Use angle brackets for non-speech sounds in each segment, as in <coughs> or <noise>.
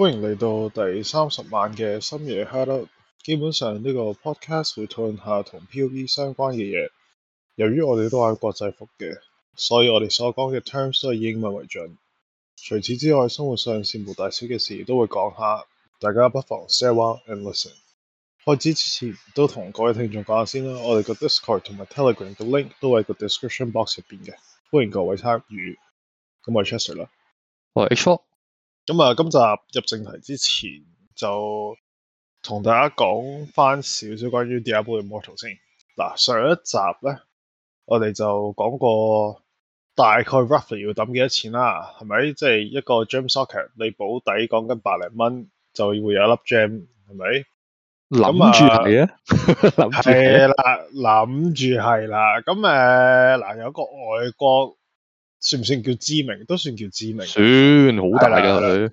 歡迎嚟到第三十晚嘅深夜 hideout。基本上呢個 podcast 會討論下同 D4 相關嘅嘢。由於我哋都係喺國際服嘅，所以我哋所講嘅 terms 都係以英文為準。除此之外，生活上事無大小嘅事都會講下，大家不妨 say and listen。開始之前都同各位聽眾講下先啦。我哋個 Discord 同埋 Telegram 嘅 link 都喺個 description box 入邊嘅。歡迎各位參與。咁我係 Chester 啦，我係 H4。咁啊，今集入正題之前，就同大家講翻少少關於《Diablo Immortal》先。嗱，上一集咧，我哋就講過大概 roughly 要抌幾多錢啦，係咪？即係一個 gem socket，你保底講緊百零蚊，就會有一粒 gem，係咪？諗住諗啊，係 <laughs> 是 <laughs> 啦，諗住係啦。咁誒，嗱，有個外國。算唔算叫知名？都算叫知名。算好大嘅。噶佢。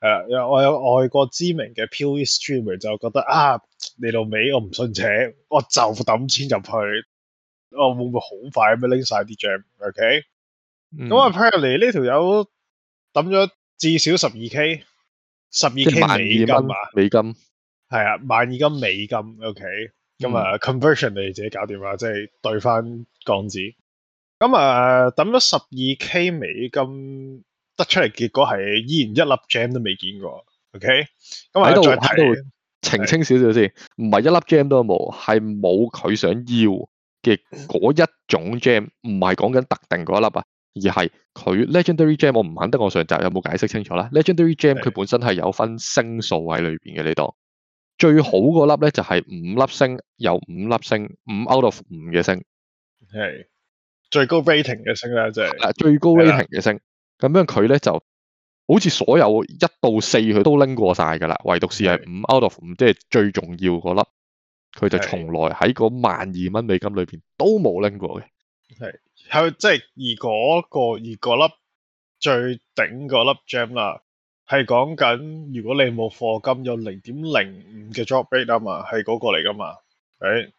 係啊，因為我有外國知名嘅 PoE streamer 就覺得啊，你老味我唔信請，我就抌錢入去。我會唔會好快咁樣拎晒啲 gem？OK。咁 apparently 呢條友抌咗至少十二 k，十二 k 美金啊？美金。係啊，萬二金美金。OK。嗯。咁啊，conversion 你自己搞掂啦，即係兌翻港紙。咁啊，等咗十二 K 美金，得出嚟，結果係依然一粒 gem 都未見過。OK，咁我再睇，喺度澄清少少先，唔係是的 一粒 gem 都冇，係冇佢想要嘅嗰一種 gem。唔係講緊特定嗰一粒啊，而係佢 legendary gem。我唔肯得我上集有冇解釋清楚啦？legendary gem 佢是的 本身係有分星數喺裏邊嘅。呢度最好嗰粒咧就係、是、五粒星，有五粒星，五 out of 五嘅星係。最高 rating 嘅升咧，即係嗱最高 rating 嘅升，咁的樣佢咧就好似所有一到四佢都拎過晒噶啦，唯獨是係五 out of 五的，即係最重要嗰粒，佢就從來喺嗰萬二蚊美金裏邊都冇拎過嘅。係，係即係而嗰個，而嗰粒最頂嗰粒 gem 啦，係講緊如果你冇課金有零點零五嘅 drop rate 啊嘛，係嗰個嚟噶嘛，誒。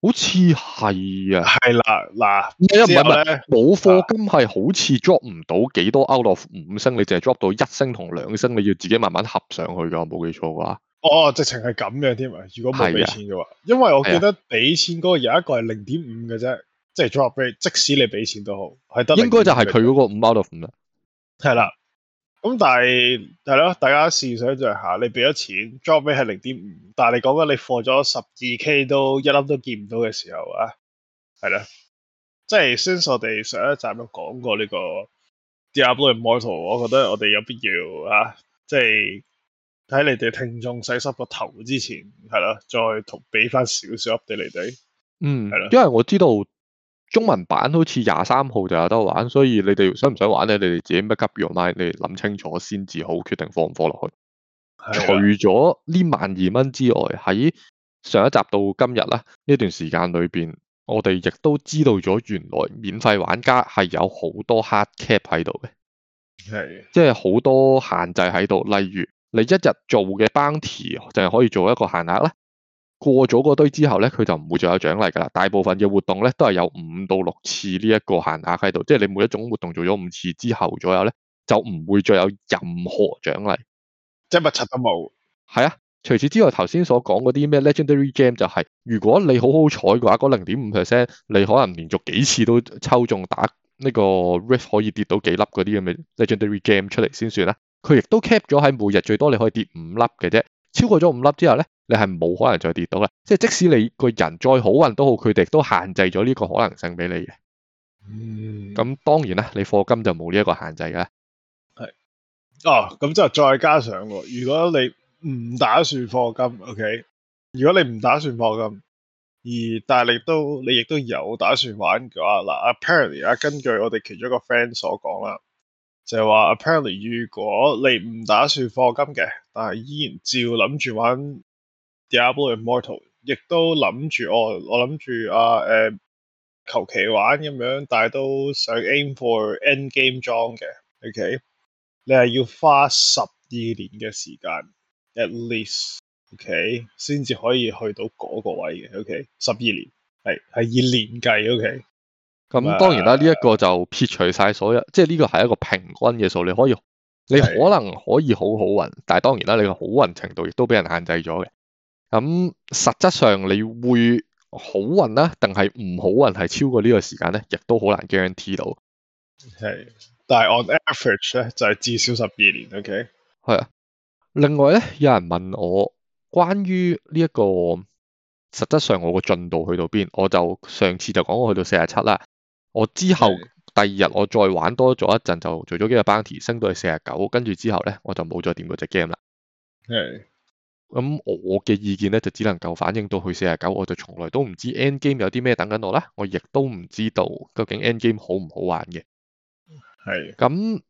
好似係啊，係啦，嗱，唔係唔係唔係，冇貨金係好似 drop 唔到幾多 out of 五升，你淨係 drop 到一升同兩升，你要自己慢慢合上去㗎，我冇記錯啩哦，直情係咁樣添啊！如果冇俾錢嘅話，的因為我記得俾錢嗰個有一個係零點五嘅啫，即係的 drop rate，即使你俾錢都好，係得。應該就係佢嗰個五 out of 五啦，係啦。咁但係係咯，大家試想像下，你俾咗錢 job rate 係零點五，5，但係你講緊你放咗十二 K 都一粒都見唔到嘅時候啊，係啦，即係先我哋上一集有講過呢個《Diablo Immortal》，我覺得我哋有必要啊，即係喺你哋聽眾洗濕個頭之前，係啦，再同俾翻少少 update 你哋，嗯，係啦，因為我知道。中文版好似廿三號就有得玩，所以你哋想唔想玩咧？你哋自己 make up your mind，你諗清楚先至好決定放唔放落去。的除咗呢萬二蚊之外，喺上一集到今日呢段時間裏面，我哋亦都知道咗原來免費玩家係有好多 hard cap 喺度嘅。的即係好多限制喺度，例如你一日做嘅 bounty 就係可以做一個限額啦。過咗嗰堆之後咧，佢就唔會再有獎勵噶啦。大部分嘅活動咧都係有五到六次呢一個限額喺度，即係你每一種活動做咗五次之後左右咧，就唔會再有任何獎勵，即係乜柒都冇。係啊，除此之外，頭先所講嗰啲咩 Legendary Gem 就係、是，如果你好好彩嘅話，嗰零點五 percent 你可能連續幾次都抽中打呢個 Rift 可以跌到幾粒嗰啲咁嘅 Legendary Gem 出嚟，先算啦。佢亦都 cap 咗喺每日最多你可以跌五粒嘅啫，超過咗五粒之後咧，你係冇可能再跌到啦，即係即使你個人再好運都好，佢哋都限制咗呢個可能性俾你嘅。嗯，咁當然啦，你課金就冇呢一個限制嘅。係，哦，咁就再加上喎，如果你唔打算課金，OK，如果你唔打算課金，而但係你都你亦都有打算玩嘅話，嗱，apparently 根據我哋其中一個 friend 所講啦，就係話 apparently 如果你唔打算課金嘅，但係依然照諗住玩。《Diablo Immortal》亦都諗住，哦，我諗住啊，誒、呃，求其玩咁樣，但係都想 aim for end game 裝嘅。OK，你係要花十二年嘅時間，at least，OK，先至可以去到嗰個位嘅。O K，十二年係係以年計。O K，咁當然啦，呢一個就撇除晒所有，即係呢個係一個平均嘅數。你可以，你可能可以好好運，的但係當然啦，你嘅好運程度亦都俾人限制咗嘅。咁、嗯、實質上你會好運咧，定係唔好運係超過呢個時間咧，亦都好難 guarantee 到。係，但係 on average 咧就係至少十二年，OK。係啊。另外咧，有人問我關於呢一個實質上我個進度去到邊，我就上次就講我去到四廿七啦。我之後第二日我再玩多咗一陣，就做咗幾個 bounty，a 升到去四廿九，跟住之後咧我就冇再掂過隻 game 啦。係。咁我嘅意見咧就只能夠反映到去四十九，我就從來都唔知 end game 有啲咩等緊我啦，我亦都唔知道究竟 end game 好唔好玩嘅？係的。咁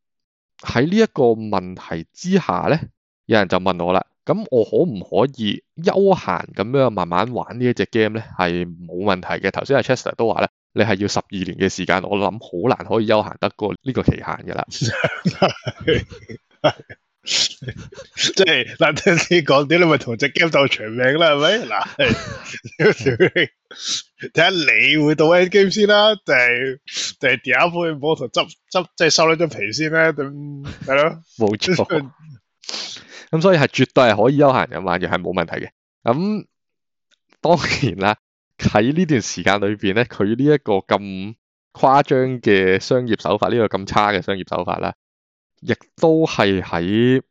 喺呢一個問題之下咧，有人就問我啦，咁我可唔可以休閒咁樣慢慢玩這呢一隻 game 咧？係冇問題嘅。頭先阿 Chester 都話啦，你係要十二年嘅時間，我諗好難可以休閒得過呢個期限噶啦。 <laughs> <laughs> 即係嗱，聽 <laughs> <laughs> 你講啲，你咪同隻 game 鬥長命啦，係咪？嗱，睇下你會到 end game 先啦，定係定係點一 point 同執執即係收兩張皮先咧。咁係咯，冇錯 <laughs> 錯。咁 <laughs> 所以係絕對係可以休閒咁玩係冇問題嘅。咁、嗯、當然啦，喺呢段時間裏邊咧，佢呢一個咁誇張嘅商業手法，呢、這個咁差嘅商業手法啦。亦都係喺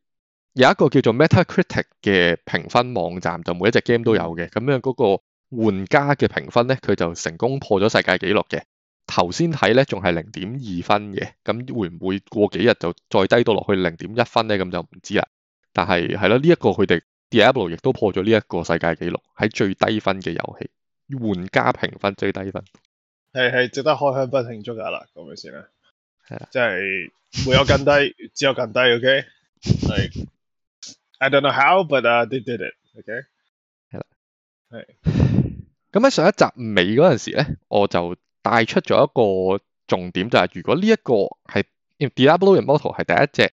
有一個叫做 Metacritic 嘅評分網站，就每一隻 game 都有嘅。咁樣嗰個玩家嘅評分咧，佢就成功破咗世界紀錄嘅。頭先睇咧仲係零點二分嘅，咁會唔會過幾日就再低到落去零點一分咧？咁就唔知啦。但係係啦，呢一個佢哋 Diablo 亦都破咗呢一個世界紀錄，喺最低分嘅遊戲，玩家評分最低分，係係值得開香檳慶祝噶啦，講唔講先啦。即係會有更低，只有更低，OK？係、like,，I don't know how，but uh, they did it，OK？、Okay? 係啦的，係的。咁喺上一集尾嗰陣時咧，我就帶出咗一個重點，就係、是、如果呢一個係因為 Diablo Immortal 係第一隻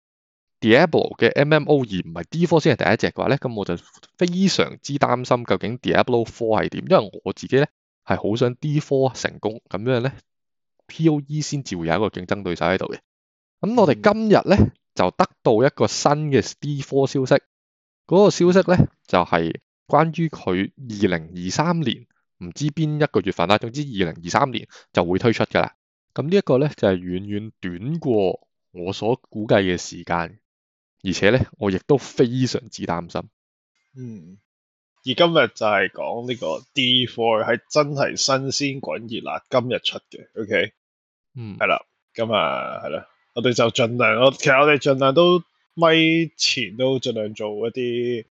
Diablo 嘅 MMO 而唔係 D4 先係第一隻嘅話咧，咁我就非常之擔心究竟 Diablo 4係點，因為我自己咧係好想 D4 成功咁樣咧。POE 先至會有一個競爭對手喺度嘅，咁我哋今日咧就得到一個新嘅 D4 消息，嗰、那個消息咧就係、是、關於佢二零二三年唔知邊一個月份啦，總之二零二三年就會推出噶啦，咁呢一個咧就係、是、遠遠短過我所估計嘅時間，而且咧我亦都非常之擔心。嗯，而今日就係講呢個 D4 係真係新鮮滾熱辣今，今日出嘅，OK。嗯，係啦，咁啊，係啦，我哋就盡量，其實我哋盡量都咪前都盡量做一啲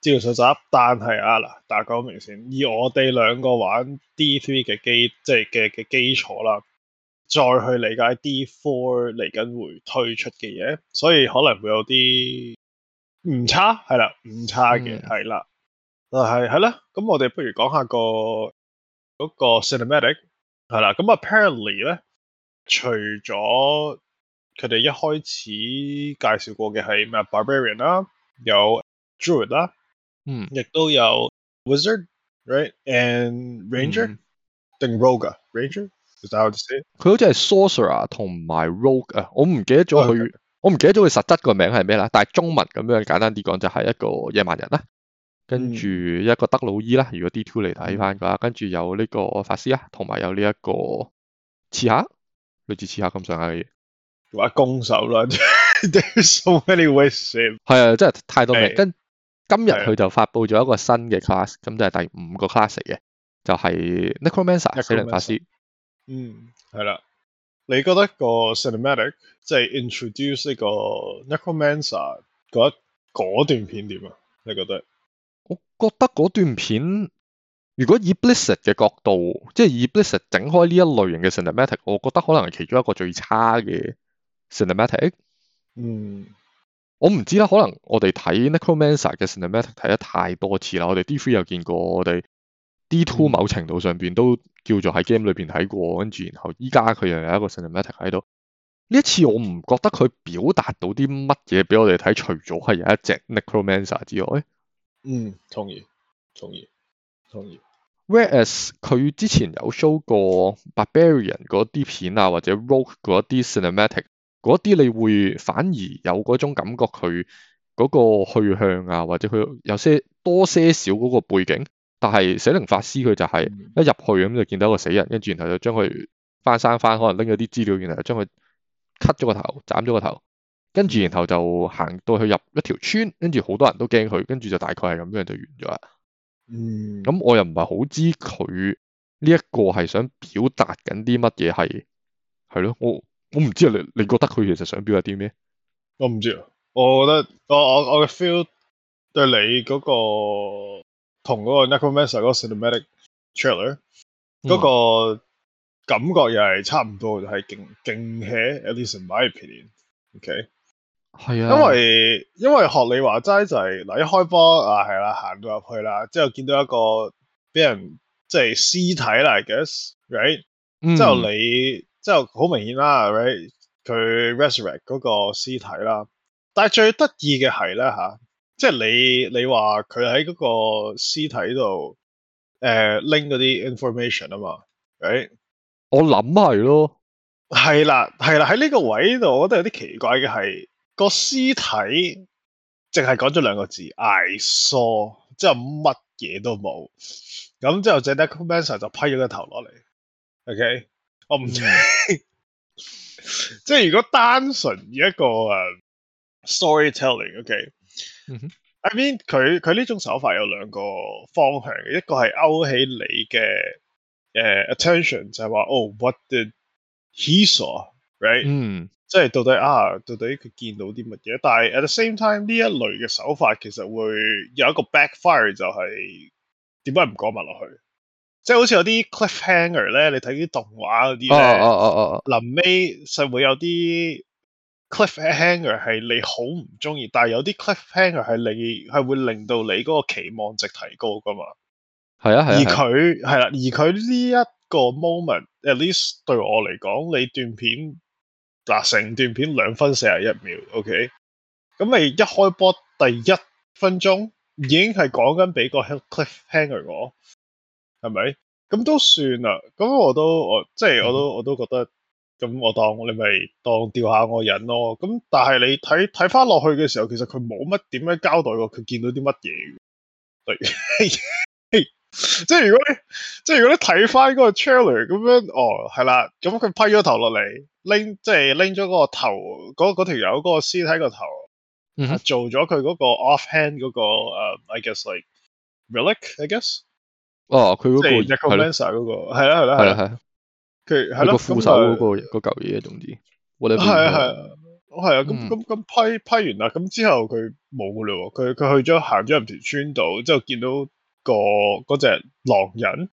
資料搜集，但係啊嗱，大家好，明先，以我哋兩個玩 D3 嘅基，即係嘅嘅基礎啦，再去理解 D4 嚟緊會推出嘅嘢，所以可能會有啲唔差，係啦，唔差嘅，係啦，嗯，係係啦，咁我哋不如講下個嗰個 cinematic，係啦，咁 apparently 咧。除咗佢哋一開始介紹過嘅係咩？Barbarian 啦、啊，有 Druid 啦、啊，嗯，亦都有 Wizard，Right and Ranger，定 Rogue Ranger，Is that what it is? 佢好似係 Sorcerer 同埋 Rogue 啊，oh, okay. 我唔記得咗佢，我唔記得咗佢實質個名係咩啦。但係中文咁樣簡單啲講，就係一個野蠻人啦、啊，跟住一個德魯伊啦。嗯、如果 D two 嚟睇翻嘅話，跟住有呢個法師啦、啊，同埋有呢一個刺客。類似刺客咁上下嘅嘢，話攻守啦。 <laughs> There's so many ways. 係啊，真係太多嘅。跟、欸、今日佢就發佈咗一個新嘅 class，咁、欸、就係第五個 class 嚟嘅，就係 Necromancer 死靈法師。嗯，係啦。你覺得個 cinematic 即係 introduce 呢個 Necromancer 嗰嗰段片點啊？你覺得？我覺得嗰段片如果以 Blizzard 嘅角度，即係以 Blizzard 整開呢一類型嘅 cinematic，我覺得可能係其中一個最差嘅 cinematic。嗯，我唔知啦，可能我哋睇 Necromancer 嘅 cinematic 睇得太多次啦，我哋 D3 有見過，我哋 D2 某程度上邊都叫做喺 game 裏邊睇過，跟住、嗯、然後依家佢又有一個 cinematic 喺度。呢一次我唔覺得佢表達到啲乜嘢俾我哋睇，除咗係有一隻 Necromancer 之外。嗯，同意，同意。同埋，whereas 佢之前有 show 過 Barbarian 嗰啲片啊，或者 Rogue 嗰啲 cinematic 嗰啲，你會反而有嗰種感覺，佢嗰個去向啊，或者佢有些多些少嗰個背景。但係死靈法師佢就係、是嗯、一入去咁就見到一個死人，跟住然後就將佢返生返，可能拎咗啲資料，然後將佢 cut 咗個頭，斬咗個頭，跟住然後就行到去入一條村，跟住好多人都驚佢，跟住就大概係咁樣就完咗啦。嗯，咁我又唔係好知佢呢一個係想表達緊啲乜嘢，係係咯，我我唔知啊，你你覺得佢其實想表達啲咩？我唔知啊，我覺得我我我嘅 feel 對你嗰個同嗰個《Necromancer、嗯》嗰個 Cinematic Trailer 嗰個感覺又係差唔多，就係勁勁 hea，at least in my opinion，ok、okay? 係是啊因為，因為因為學你話齋就係、是、嗱，一開波啊係啦，行到入去啦，之後見到一個俾人即係屍體啦，I guess right，、嗯、之後你之後好明顯啦，right，佢 resurrect 嗰個屍體啦，但係最得意嘅係咧吓，即係你你話佢喺嗰個屍體度誒拎嗰啲 information 嘛、right? 啊嘛，right 我諗係咯，係啦係啦，喺呢個位度，我覺得有啲奇怪嘅係。個屍體淨係講咗兩個字，I saw，之後乜嘢都冇，咁之後隻 decorator 就批咗個頭落嚟，OK，我唔知，即係如果單純一個誒 storytelling，OK，I mean 佢佢呢種手法有兩個方向嘅，一個係勾起你嘅誒 attention，就係話哦，what did he saw，right？即係到底啊，到底佢見到啲乜嘢？但係 at the same time 呢一類嘅手法其實會有一個 backfire，就係點解唔講埋落去？即係好似有啲 cliffhanger 咧，你睇啲動畫嗰啲咧，臨尾實會有啲 cliffhanger 係你好唔中意，但係有啲 cliffhanger 係你係會令到你嗰個期望值提高噶嘛。係啊，啊而佢係啦，啊啊、而佢呢一個 moment，at least 對我嚟講，你段片。嗱，成段片兩分四十一秒，OK，咁你一開波第一分鐘已經係講緊俾個 cliffhanger 我，係咪？咁都算啦，咁我都我即係我都我都覺得，咁我當你咪當吊，吊我下我癮咯，咁但係你睇睇翻落去嘅時候，其實佢冇乜點樣交代過，佢見到啲乜嘢？對。 <laughs> 即係如果你，即係如果你睇翻嗰個 trailer 咁樣，哦，係啦，咁佢批咗頭落嚟，拎即係拎咗嗰個頭，嗰嗰條友嗰個屍體個頭，做咗佢嗰個 offhand 嗰個誒，I guess like relic，I guess，哦，佢嗰個，一個 commissar 嗰個，係啦係啦係啦係，佢係咯，副手嗰個嗰嚿嘢，總之，係啊係啊，我係啊，咁咁咁批批完啦，咁之後佢冇噶啦，佢佢去咗行咗入條村度，之後見到。個嗰隻狼人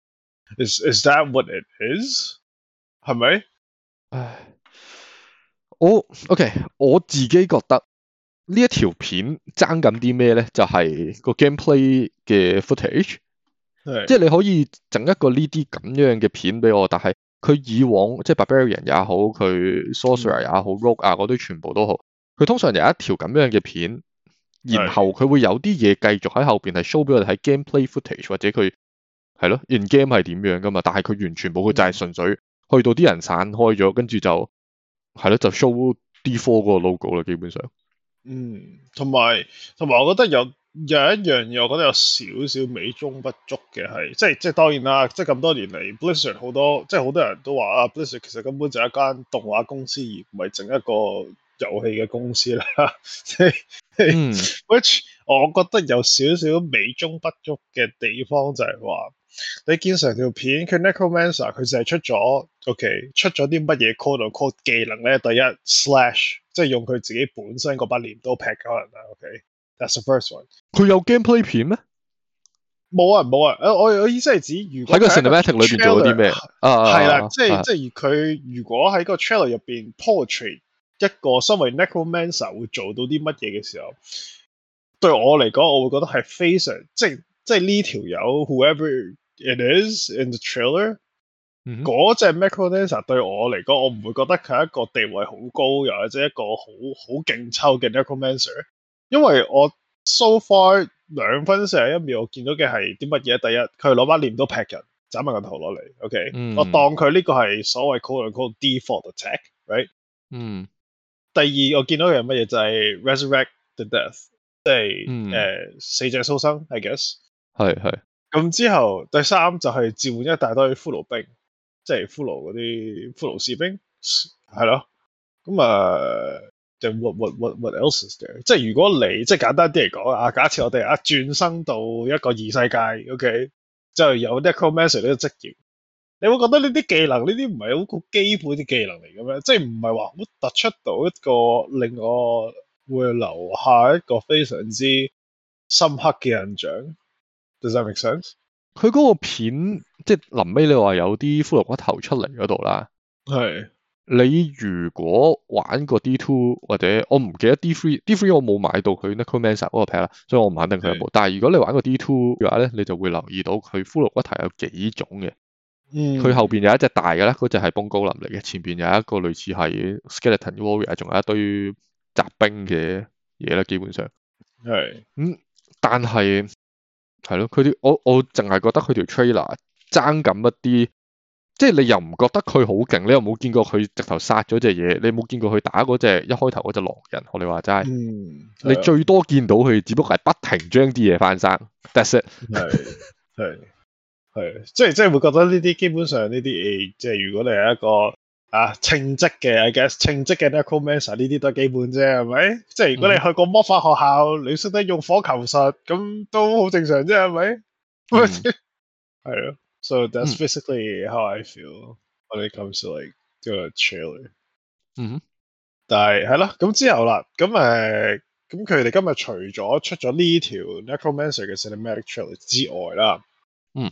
，is is that what it is？係咪？唉，我 OK，我自己覺得呢一條片爭緊啲咩咧？就係、是、個 gameplay 嘅 footage，是即係你可以整一個呢啲咁樣嘅片俾我。但係佢以往即係 bar Barbarian 也好，佢 Sorcerer 也好、嗯、，Rock 啊嗰啲全部都好，佢通常有一條咁樣嘅片。然後佢會有啲嘢繼續喺後邊係 show 俾我哋睇 gameplay footage 或者佢係咯 in game 係點樣噶嘛，但係佢完全冇，佢就係純粹去到啲人散開咗，跟住就係咯就 show D4 嗰個 logo 啦，基本上。嗯，同埋同埋我覺得有有一樣嘢，我覺得有少少美中不足嘅係，即係即係當然啦，即係咁多年嚟 Blizzard 好多即係好多人都話啊，Blizzard 其實根本就係一間動畫公司而唔係整一個遊戲嘅公司啦，即係 which 我覺得有少少美中不足嘅地方就係話，你見成條片佢 Necromancer 佢就係出咗 OK 出咗啲乜嘢 quote unquote 技能咧？第一 Slash 即係用佢自己本身嗰把劍都劈咗人啦。OK，that's the first one。佢有 gameplay 片咩？冇啊冇啊！我我意思係指如果喺個 cinematic 裏邊做咗啲咩？啊啊係啦，即係即係佢如果喺個 trailer 入邊 portray。一個身為 Necromancer 會做到啲乜嘢嘅時候，對我嚟講，我會覺得係非常即係即係呢條友，whoever it is in the trailer，嗰隻 Necromancer 對我嚟講，我唔會覺得佢係一個地位好高，又或者是一個好好勁抽嘅 Necromancer，因為我 so far 兩分四十一秒我見到嘅係啲乜嘢？第一，佢攞把鐮刀劈人，斬埋個頭落嚟，OK，mm hmm. 我當佢呢個係所謂 call call default attack，right？嗯、mm。Hmm. 第二我見到嘅係乜嘢就係、是、resurrect the death，即係死者蘇生，I guess 係係。咁之後第三就係、是、召喚一大堆骷髏兵，即係骷髏嗰啲骷髏士兵，係咯。咁啊，就、uh, what what what what else 嘅？即係如果你即係簡單啲嚟講啊，假設我哋啊轉生到一個異世界，OK，就有 Necromancer 呢個職你會覺得呢啲技能呢啲唔係好基本啲技能嚟嘅咩？即係唔係話好突出到一個令我會留下一個非常之深刻嘅印象？Does that make sense？佢嗰個片即係臨尾，你話有啲骷髏骨頭出嚟嗰度啦。係是你如果玩過 D two 或者我唔記得 D three D three，我冇買到佢 Necromancer 嗰個 pack 啦，所以我唔肯定佢有冇。是但係如果你玩過 D two 嘅話咧，你就會留意到佢骷髏骨頭有幾種嘅。佢、嗯、後邊有一隻大嘅咧，嗰隻係崩高林嚟嘅。前邊有一個類似係 Skeleton Warrior，仲有一堆雜兵嘅嘢咧。基本上係，咁對、嗯、但係係咯，佢啲我我淨係覺得佢條 trailer 爭緊一啲，即係，你又唔覺得佢好勁，你又冇見過佢直頭殺咗隻嘢，你冇見過佢打嗰隻一開頭嗰隻狼人，我哋話齋，嗯、你最多見到佢，只不過係不停將啲嘢翻生。That's it。係係。係，即係即係會覺得呢啲基本上呢啲誒，即係如果你係一個啊稱職嘅，I guess 稱職嘅 Necromancer 呢啲都係基本啫，係咪？即係如果你去過魔法學校，你識得用火球術，咁都好正常啫，係咪？係啊，so that’s basically how I feel when it comes to like the trailer。嗯，但係係咯，咁之後啦，咁咪咁佢哋今日除咗出咗呢條 Necromancer 嘅 cinematic trailer 之外啦，嗯。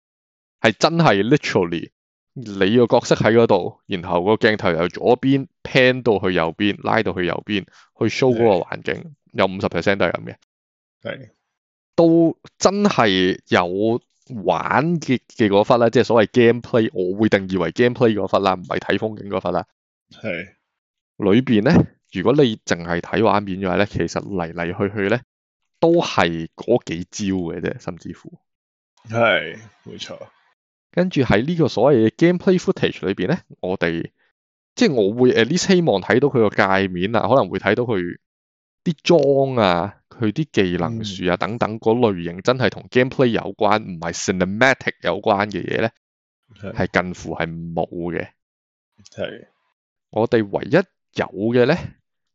係真係 literally 你個角色喺嗰度，然後個鏡頭由左邊 Yeah. pan 到去右邊，拉到去右邊，去 show 嗰個環境，有五十 percent 都係咁嘅。係，都，係 Yeah. 都真係有玩嘅嘅嗰忽咧，即係所謂 gameplay，我會定義為 gameplay 嗰忽啦，唔係睇風景嗰忽啦。係。Yeah. 裏邊咧，如果你淨係睇畫面嘅話咧，其實嚟嚟去去咧，都係嗰幾招嘅啫，甚至乎。係，冇錯。跟住喺呢個所謂嘅 gameplay footage 裏邊咧，我哋即係我會 at least 希望睇到佢個界面啦，可能會睇到佢啲裝啊，佢啲技能樹啊等等嗰、嗯、類型，真係同 gameplay 有關，唔係 cinematic 有關嘅嘢咧，係是近乎係冇嘅。係是我哋唯一有嘅咧，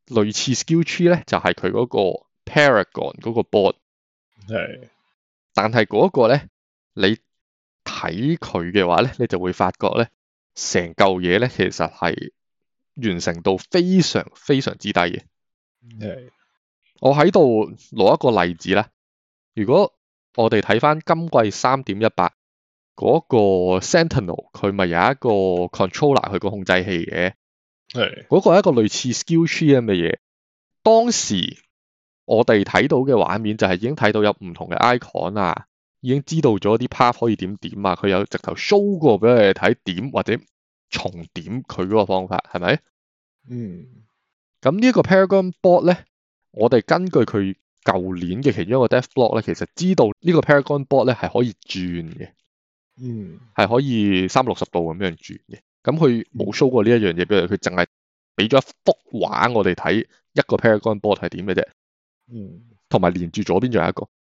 類似 skill tree 咧，就係佢嗰個 paragon 嗰個 board 是。係，但係嗰個個咧，你。睇佢嘅話咧，你就會發覺咧，成嚿嘢咧，其實係完成度非常非常之低嘅。係，我喺度攞一個例子啦。如果我哋睇返今季三點一八嗰個 Sentinel，佢咪有一個 controller 佢個控制器嘅？係。嗰個係一個類似 skill tree 咁嘅嘢。當時我哋睇到嘅畫面就係已經睇到有唔同嘅 icon 啊。已經知道咗啲 path 可以怎樣怎樣點點啊，佢有直頭 show 過俾你睇點或者重點佢嗰個方法係咪？是嗯。咁呢一個 Paragon board 咧，我哋根據佢舊年嘅其中一個 death block 咧，其實知道呢個 Paragon board 咧係可以轉嘅。嗯。係可以三六十度咁樣轉嘅。咁佢冇 show 過呢一樣嘢俾我哋，佢淨係俾咗一幅畫我哋睇一個 Paragon board 係點嘅啫。嗯。同埋連住左邊仲有一個。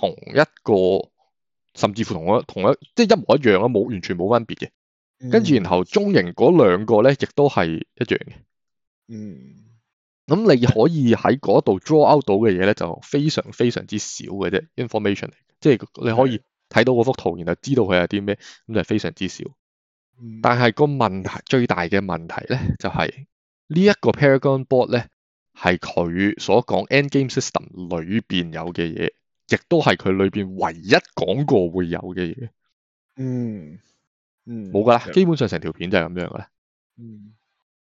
同一個甚至乎同我同一即係一模一樣咯，冇完全冇分別嘅。跟住、嗯、然後中型嗰兩個咧，亦都係一樣嘅。嗯，咁你可以喺嗰度 draw out 到嘅嘢咧，就非常非常之少嘅啫。Information，嚟嘅，即係你可以睇到嗰幅圖，嗯、然後知道佢有啲咩，咁就非常之少的。但係個問題、嗯、最大嘅問題咧，就係、是這個、呢一個 paragon board 咧，係佢所講 endgame system 裏邊有嘅嘢。亦都係佢裏邊唯一講過會有嘅嘢，嗯，嗯，冇噶啦，嗯、基本上成條片就係咁樣嘅啦，嗯，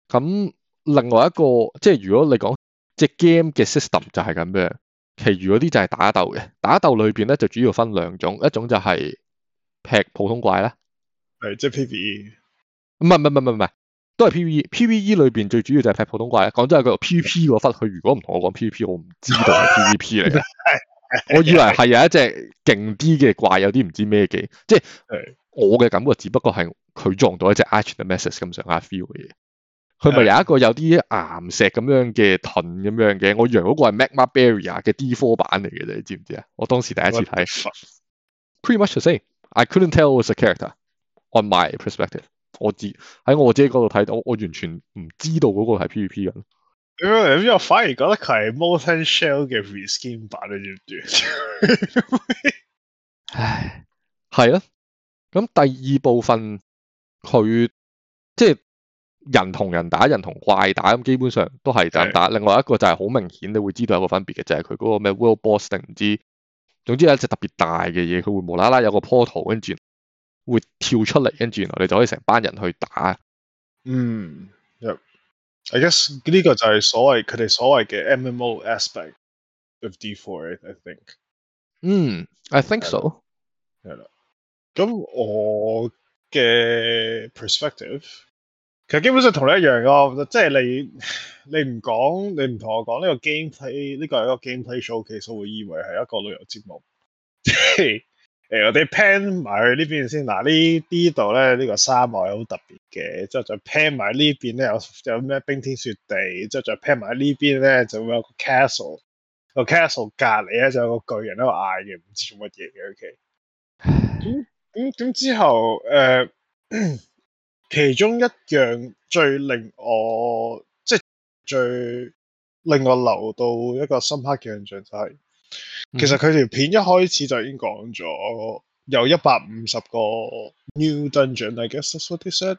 咁另外一個、嗯、即係如果你講隻 game 嘅 system 就係咁樣，其餘嗰啲就係打鬥嘅，打鬥裏邊咧就主要分兩種，一種就係劈普通怪咧，係即係 PVE，唔係唔係唔係唔係，都係 PVE，PVE 裏邊最主要就係劈普通怪，講真係個 PVP 嗰忽，佢如果唔同我講 PVP，我唔知道係 PVP 嚟嘅。我以為係有一隻勁啲嘅怪，有啲唔知咩嘅，即係我嘅感覺，只不過係佢撞到一隻 arch nemesis 咁上下 feel 嘅嘢。佢咪有一個有啲岩石咁樣嘅盾咁樣嘅，我以為嗰個係 Magma Barrier 嘅 D4 版嚟嘅啫，你知唔知啊？我當時第一次睇，pretty much the same。I couldn't tell the a character on my perspective。我自喺我自己嗰度睇到，我我完全唔知道嗰個係 PVP 嘅。咁我反而覺得佢係《Mountain Shell》嘅 reskin 版，你知唔知？ <laughs> <laughs> 唉，係咯。咁第二部分，佢即係人同人打，人同怪打咁，基本上都係就打。的另外一個就係好明顯你會知道有個分別嘅，就係佢嗰個咩 World Boss 定唔知。總之有一隻特別大嘅嘢，佢會無啦啦有個 portal，跟住會跳出嚟，跟住原來你就可以成班人去打。嗯。I guess 呢個就係所謂佢哋所謂嘅 MMO aspect of D4，I think。嗯、mm，I think so。係啦，咁我嘅 perspective 其實基本上同你一樣噶、哦，即係你你唔講，你唔同我講呢、這個 gameplay，呢個係一個 gameplay show，其實會以為係一個旅遊節目。誒、 <laughs> 呃，我哋 plan 埋去呢邊先嗱，呃、呢呢度咧呢個沙漠好特別。嘅，之後就拼埋呢邊咧，有有咩冰天雪地，之後就拼埋呢邊咧，就會有個 castle 個 castle 隔籬咧，就有個巨人喺度嗌嘅，唔知做乜嘢嘅。O.K. 咁咁咁之後，誒、呃、其中一樣最令我即、就係、最令我留到一個深刻嘅印象、就係，就係、嗯、其實佢條片一開始就已經講咗，有一百五十個 new dungeon。I guess what is it?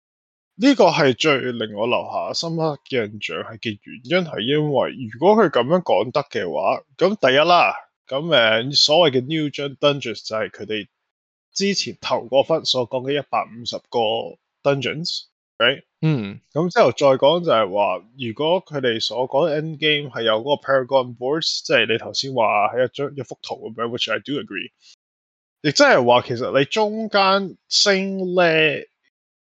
呢個係最令我留下深刻嘅印象係嘅原因係因為如果佢咁樣講得嘅話，咁第一啦，咁誒所謂嘅 New 章 Dungeons 就係佢哋之前頭嗰分所講嘅一百五十個 Dungeons，right？嗯，咁之後再講就係話，如果佢哋所講 End Game 係有嗰個 Paragon Boards，即係你頭先話係一張一幅圖咁樣，which I do agree，亦即係話其實你中間升咧。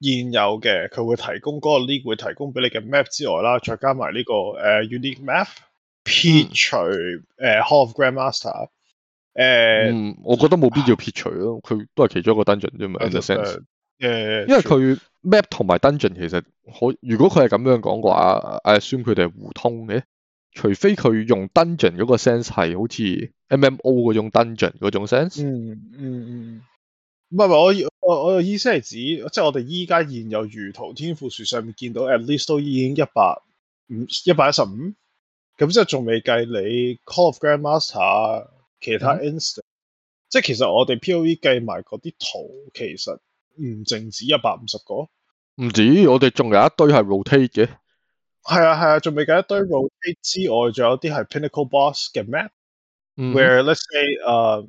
現有嘅佢會提供嗰、那個 league 會提供俾你嘅 map 之外啦，再加埋呢、這個誒、uh, unique map 撇除誒、嗯 uh, Hall of Grandmaster 誒、uh, 嗯，我覺得冇必要撇除咯，佢唉都係其中一個 dungeon 啫嘛。誒，因為佢 map 同埋 dungeon 其實可如果佢係咁樣講嘅話，誒、嗯，算佢哋係互通嘅，除非佢用 dungeon 嗰個 sense 係好似 MMO 嗰種 dungeon 嗰種 sense、嗯。嗯嗯嗯。唔係，我意我，我意思係指，即係我哋依家現有如圖天賦樹上面見到，at least 都已經一百五一百一十五，咁即係仲未計你 Call of Grand Master 其他 instant、嗯、即係其實我哋 POE 計埋嗰啲圖，其實唔淨止一百五十個，唔止，我哋仲有一堆係 rotate 嘅，係啊係啊，仲未計一堆 rotate 之外，仲有啲係 Pinnacle Boss 嘅 Map，where、嗯、let's say，誒、uh,。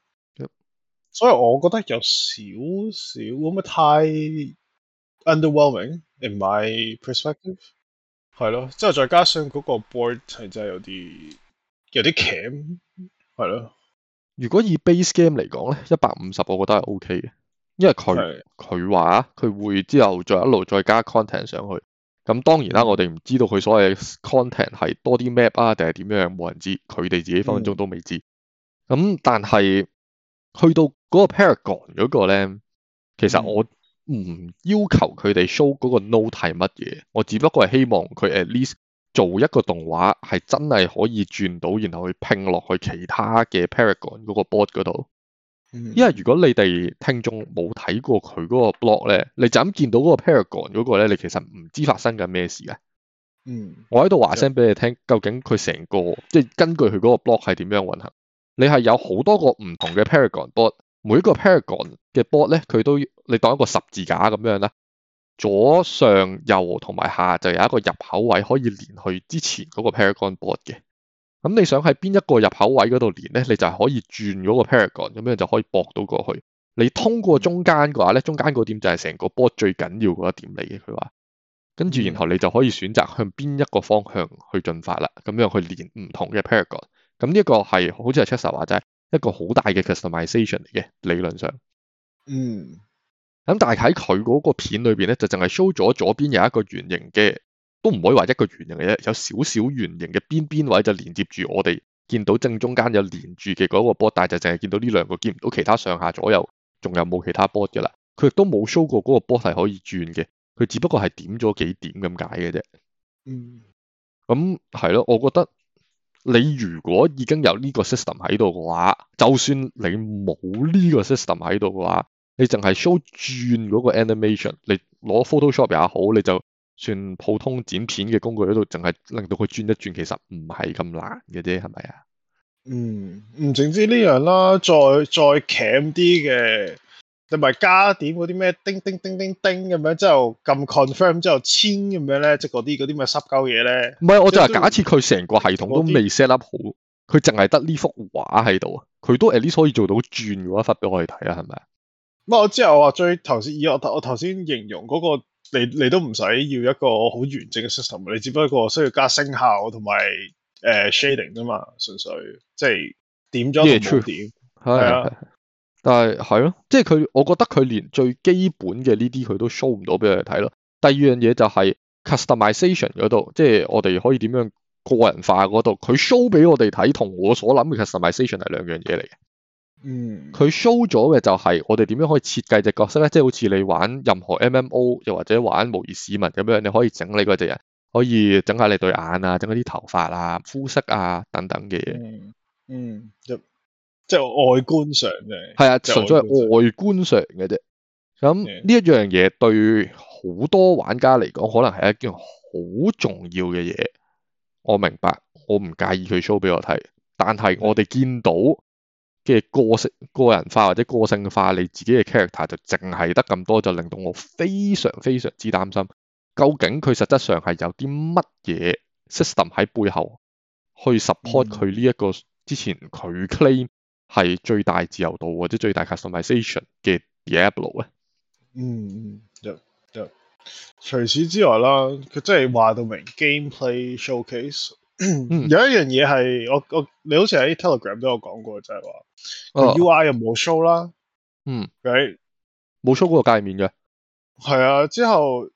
所以我覺得有少少，唔係太 underwhelming in my perspective，係咯，之後再加上嗰個 board 係真係有啲有啲 cam，係咯。如果以 base game 嚟講咧，一百五十我覺得係 O K 嘅，因為佢佢話佢會之後再一路再加 content 上去。咁當然啦，我哋唔知道佢所謂 content 係多啲 map 啊，定係點樣，冇人知道，佢哋自己分分鐘都未知。咁、嗯、但係去到嗰個 paragon 嗰個咧，其實我唔要求佢哋 show 嗰個 note 係乜嘢，嗯、我只不過係希望佢 at least 做一個動畫係真係可以轉到，然後去拼落去其他嘅 paragon 嗰個 board 嗰度。嗯、因為如果你哋聽眾冇睇過佢嗰個 blog 咧，你就咁見到嗰個 paragon 嗰個咧，你其實唔知發生緊咩事嘅。嗯，我喺度話聲俾你聽，嗯、究竟佢成個即根據佢嗰個 blog 係點樣運行？你係有好多個唔同嘅 paragon board。每一個 Paragon 嘅 board 咧，佢都你當一個十字架咁樣啦，左上右同埋下就有一個入口位可以連去之前嗰個 Paragon board 嘅。咁你想喺邊一個入口位嗰度連咧，你就係可以轉嗰個 Paragon，咁樣就可以駁到過去。你通過中間嘅話咧，中間嗰點就係成個 board 最緊要嗰一點嚟嘅。佢話，跟住然後你就可以選擇向邊一個方向去進發啦，咁樣去連唔同嘅 Paragon。咁呢個個係好似係出神話齋。一個好大嘅 customization 嚟嘅，理論上，嗯，咁但係喺佢嗰個片裏邊咧，就淨係 show 咗左邊有一個圓形嘅，都唔可以話一個圓形嘅啫，有少少圓形嘅邊邊位就連接住我哋見到正中間有連住嘅嗰個波，但係就淨係見到呢兩個，見唔到其他上下左右，仲有冇其他波嘅啦。佢亦都冇 show 過嗰個波係可以轉嘅，佢只不過係點咗幾點咁解嘅啫。嗯，咁係咯，我覺得。你如果已經有呢個 system 喺度嘅話，就算你冇呢個 system 喺度嘅話，你淨係 show 轉嗰個 animation，你攞 Photoshop 也好，你就算普通剪片嘅工具喺度，淨係令到佢轉一轉，其實唔係咁難嘅啫，係咪啊？嗯，唔淨止呢樣啦，再再 cam 啲嘅。定埋加點嗰啲咩叮叮叮叮叮咁樣，之後撳 confirm 之後簽咁樣咧，即嗰啲嗰啲咩濕鳩嘢咧。唔係，我就係、是、假設佢成個系統都未 set up 好，佢淨係得呢幅畫喺度，佢都 at least 可以做到轉嘅一幅俾我哋睇啦，係咪啊？唔我之後話話最頭先，以我我頭先形容嗰、那個，你你都唔使要一個好完整嘅 system，你只不過需要加光效同埋誒、呃、shading 啫嘛，純粹即係、就是、點咗同唔點 yeah, true. 啊。但係係咯，即係佢，我覺得佢連最基本嘅呢啲佢都 show 唔到俾我哋睇咯。第二樣嘢就係 customization 嗰度，即係我哋可以點樣個人化嗰度，佢 show 俾我哋睇，同我所諗嘅 customization 係兩樣嘢嚟嘅。嗯，佢 show 咗嘅就係我哋點樣可以設計隻角色咧，即係好似你玩任何 MMO，又或者玩模擬市民咁樣，你可以整你嗰隻人，可以整下你對眼啊，整下啲頭髮啊、膚色啊等等嘅嘢，嗯。嗯，嗯即係外觀上嘅係啊，純粹係外觀上嘅啫。咁呢一樣嘢對好多玩家嚟講，可能係一件好重要嘅嘢。我明白，我唔介意佢 show 俾我睇，但係我哋見到嘅個性、個人化或者個性化你自己嘅 character 就淨係得咁多，就令到我非常非常之擔心。究竟佢實質上係有啲乜嘢 system 喺背後去 support 佢呢、這、一個、嗯、之前佢 claim？係最大自由度或者最大 customization 嘅 Diablo 咧，嗯嗯,嗯，除此之外啦，佢真係話到明 gameplay showcase、嗯、 <coughs> 有一樣嘢係我我你好似喺 Telegram 都有講過，就係、是、話、啊、UI 又冇 show 啦，嗯，冇 right? show 嗰個界面嘅，係啊，之後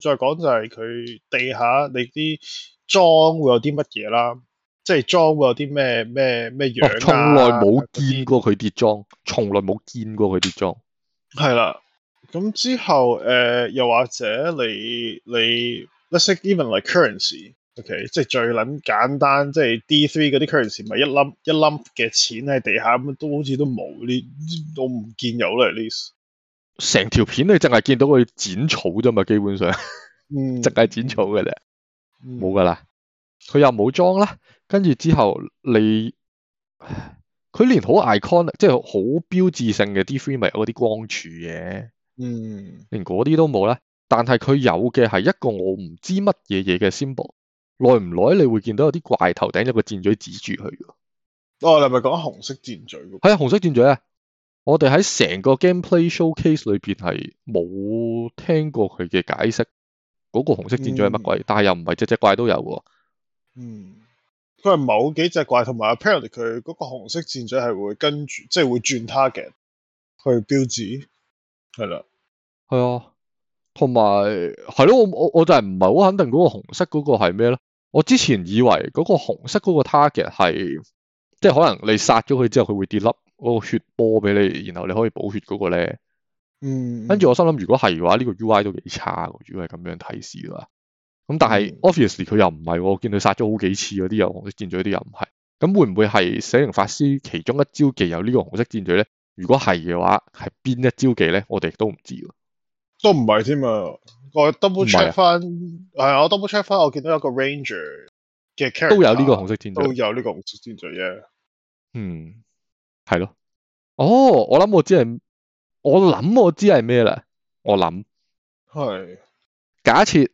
再講就係佢地下你啲裝會有啲乜嘢啦。即係裝過啲咩咩咩樣從、啊、來冇見過佢跌裝，從麼來冇見過佢跌裝。係啦，咁之後誒、呃，又或者你你，let's say even like currency，ok，、okay? 即係最捻簡單，即係 D3 嗰啲 currency 咪一粒一粒嘅錢喺地下咁，都好似都冇呢，都唔見有啦。At least 成條片你淨係見到佢剪草啫嘛，基本上，嗯，淨係剪草嘅啫，冇噶啦，佢了、嗯、又冇裝啦。跟住之後你，你佢連好 icon 即係好標誌性嘅 D3 咪嗰啲光柱嘅，嗯，連嗰啲都冇咧。但係佢有嘅係一個我唔知乜嘢嘢嘅 symbol。耐唔耐你會見到有啲怪頭頂有個箭嘴指住佢嘅。哦，你係咪講紅色箭嘴、嗰個？係啊，紅色箭嘴啊！我哋喺成個 gameplay showcase 裏邊係冇聽過佢嘅解釋嗰、那個紅色箭嘴係乜鬼，嗯、但係又唔係隻隻怪都有嘅。嗯。佢係某幾隻怪同埋，apparently 佢嗰個紅色箭嘴係會跟住，即係會轉 target 去標誌，係啦，係啊，同埋係咯，我我我就係唔係好肯定嗰個紅色嗰個係咩咧？我之前以為嗰個紅色嗰個 target 係，即係可能你殺咗佢之後，佢會跌粒嗰個血波俾你，然後你可以補血嗰個咧。嗯，跟住我心諗，如果係嘅話，呢個 UI 都幾差喎。如果係咁樣提示嘅話。咁、嗯、但係，obviously 佢又唔係、哦，我見佢殺咗好幾次嗰啲有紅色箭嘴嗰啲又唔係，咁會唔會係死靈法師其中一招技有呢個紅色箭嘴咧？如果係嘅話，係邊一招技咧？我哋都唔知。都唔係添啊！我 double check 翻、啊，係我 double check 翻，我見到有個 ranger 嘅 character 都有呢個紅色箭嘴，都有呢個紅色箭嘴啊！Yeah、嗯，係咯。哦，我諗我知係，我諗我知係咩啦。我諗係是假設。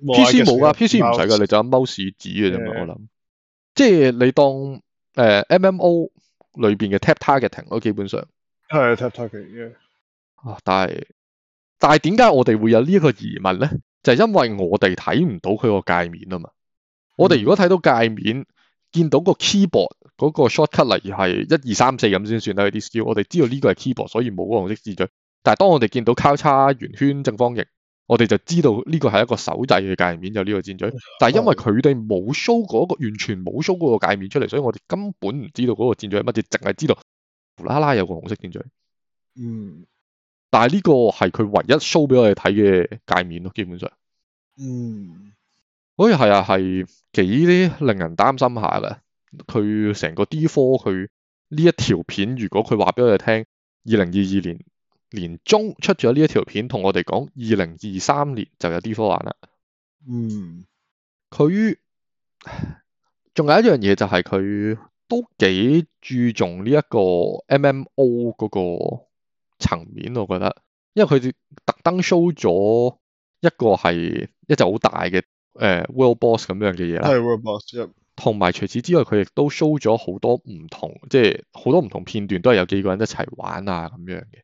P. C. 冇噶，P. C. 唔使噶，有啊、你就咁踎鼠指嘅啫嘛。Yeah. 我諗，即係你當誒、呃、M. M. O. 裏邊嘅 Tap Targeting，基本上係、yeah, Tap Targeting 啊。但係但係點解我哋會有呢一個疑問咧？就係、是、因為我哋睇唔到佢個界面啊嘛。Mm. 我哋如果睇到界面，見到個 keyboard 嗰個 shortcut，例如係一二三四咁先算啦。D. S. Q. 我哋知道呢個係 keyboard，所以冇個紅色字對。但係當我哋見到交叉圓圈正方形。我哋就知道呢個係一個手掣嘅界面，就呢、是、個箭嘴，嗯、但係因為佢哋冇 show 嗰、那個，完全冇 show 嗰個界面出嚟，所以我哋根本唔知道嗰個箭嘴係乜嘢，淨係知道忽啦啦有個紅色箭嘴。嗯。但係呢個係佢唯一 show 俾我哋睇嘅界面咯，基本上。嗯。好似係啊，係幾啲令人擔心下嘅。佢成個 D4，佢呢一條片，如果佢話俾我哋聽，二零二二年。年中出咗呢一條片，同我哋講二零二三年就有 D4 玩啦。嗯，佢仲有一樣嘢就係佢都幾注重呢一個 MMO 嗰個層面，我覺得，因為佢特登 show 咗一個係一隻好大嘅誒 World Boss 咁樣嘅嘢啦。係 World Boss 啊。同埋、嗯、除此之外，佢亦都 show 咗好多唔同，即係好多唔同片段都係有幾個人一齊玩啊咁樣嘅。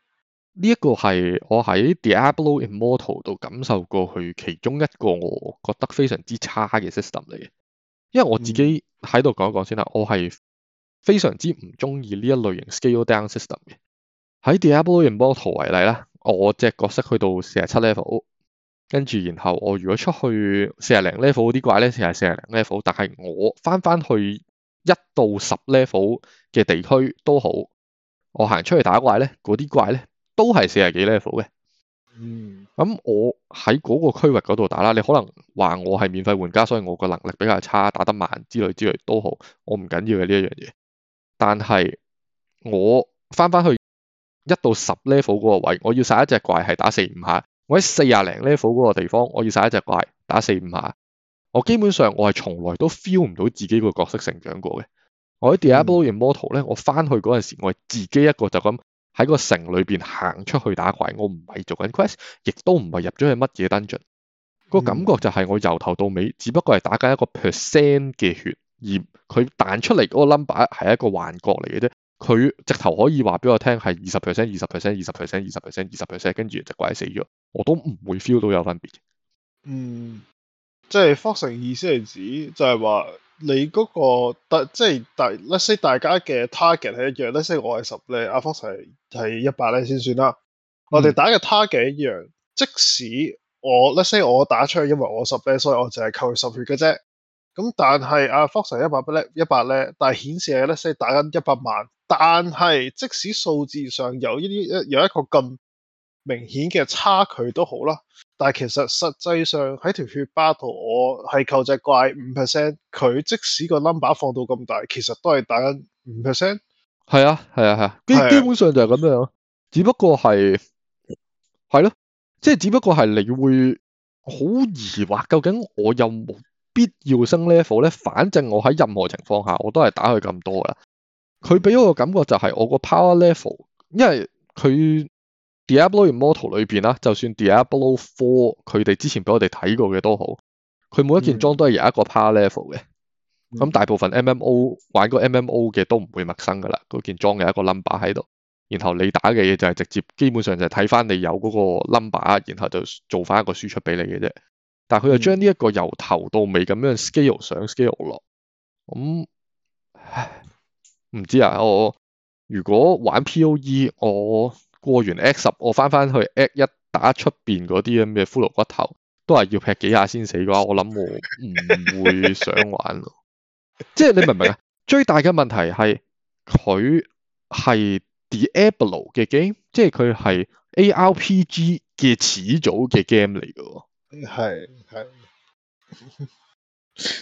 呢一個係我喺《Diablo Immortal》度感受過去，其中一個我覺得非常之差嘅 system 嚟嘅，因為我自己喺度講一講先啦，我係非常之唔中意呢一類型 scale down system 嘅。喺《Diablo Immortal》為例咧，我隻角色去到四十七 level，跟住然後我如果出去四十零 level 嗰啲怪咧，四十四十零 level，但係我翻翻去一到十 level 嘅地區都好，我行出去打怪咧，嗰啲怪咧。都係四廿幾 level 嘅，嗯，咁我喺嗰個區域嗰度打啦，你可能話我係免費玩家，所以我個能力比較差，打得慢之類之類都好，我唔緊要嘅呢一樣嘢。但係我翻翻去一到十 level 嗰個位，我要殺一隻怪係打四五下；我喺四廿零 level 嗰個地方，我要殺一隻怪打四五下。我基本上我係從來都 feel 唔到自己個角色成長過嘅。我喺 Diablo Immortal 咧，我翻去嗰陣時，我係自己一個就咁。喺個城裏邊行出去打怪，我唔係做緊 quest，亦都唔係入咗去乜嘢 dungeon，嗯、個感覺就係我由頭到尾，只不過係打緊一個 percent 嘅血，而佢彈出嚟嗰個 number 係一個幻覺嚟嘅啫。佢直頭可以話俾我聽係二十 percent、二十 percent、二十 percent、二十 percent、二十 percent，跟住就怪死咗，我都唔會 feel 到有分別。嗯，即係 function 意思係指就係、是、話。你嗰，那個得即係大，let's say 大家嘅 target 係一樣，let's say 我係十呂，阿 Fox 係一百呂先算啦。我哋、嗯、打嘅 target 一樣，即使我 let's say 我打出去，因為我十呂，所以我淨係扣佢十血嘅啫。咁但係阿 Fox 一百呂，一百呂，但係顯示係 let's say 打緊一百萬，但係即使數字上有一啲有一個咁明顯嘅差距都好啦，但係其實實際上喺條血巴度，我係扣隻怪五 percent，佢即使個 number 放到咁大，其實都係打緊五 percent。係啊，係啊，係啊，基基本上就係咁樣，是啊、只不過係係咯，即係、啊就是、只不過係你會好疑惑，究竟我有冇必要升 level 咧？反正我喺任何情況下，我都係打佢咁多噶啦。佢俾我嘅感覺就係我個 power level，因為佢。Diablo Immortal 裏邊啦，就算 Diablo Four 佢哋之前俾我哋睇過嘅都好，佢每一件裝都係有一個 power level 嘅。咁、mm hmm. 大部分 MMO 玩個 MMO 嘅都唔會陌生噶啦，嗰件裝有一個 number 喺度，然後你打嘅嘢就係直接，基本上就係睇翻你有嗰個 number，然後就做翻一個輸出俾你嘅啫。但係佢就將呢一個由頭到尾咁樣 scale 上 scale 落，咁、嗯、唔知啊，我如果玩 POE 我。過完 X 十，10, 我翻翻去 X 一打出邊嗰啲咁嘅骷髏骨頭，都係要劈幾下先死嘅話，我諗我唔會想玩咯。 <laughs> 即係你明唔明啊？最大嘅問題係佢係 Diablo 嘅 game，即係佢係 ARPG 嘅始祖嘅 game 嚟嘅。係係。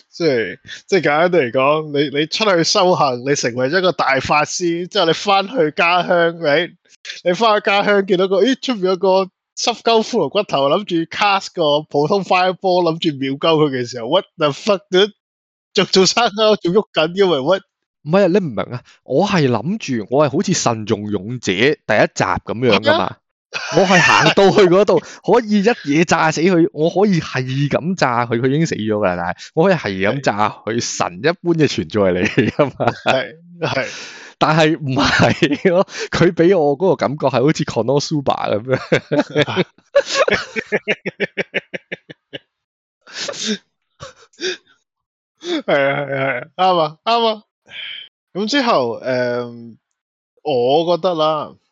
即係即係簡單啲嚟講，你你出去修行，你成為咗一個大法師，之後你翻去家鄉，right? 你你翻去家鄉見到個，咦、哎、出面有個濕鳩骷髏骨頭，諗住 cast 個普通 fireball，諗住秒鳩佢嘅時候，what the fuck? 仲喐緊，因為屈唔係啊？你唔明啊？我係諗住，我係好似慎重勇者第一集咁樣噶嘛、啊。 <laughs> 我係行到去嗰度，可以一嘢炸死佢，我可以係咁炸佢，佢已經死咗噶啦，但我可以係咁炸佢的神一般嘅存在嚟，係係，是是但係唔係咯，佢俾我嗰個感覺係好似 KonoSuba 咁樣，係係係，啱啊啱啊，咁之後誒、呃，我覺得啦。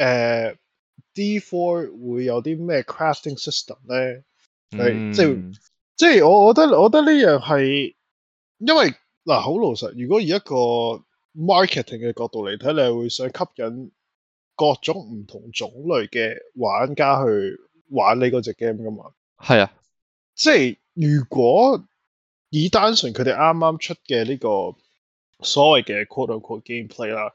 誒、uh, D4 會有啲咩 crafting system 咧？係即係即係我覺得，我覺得呢樣係因為嗱，好老實。如果以一個 marketing 嘅角度嚟睇，你係會想吸引各種唔同種類嘅玩家去玩你嗰隻 game 噶嘛？係啊，即係、就是、如果以單純佢哋啱啱出嘅呢個所謂嘅 quote unquote gameplay 啦。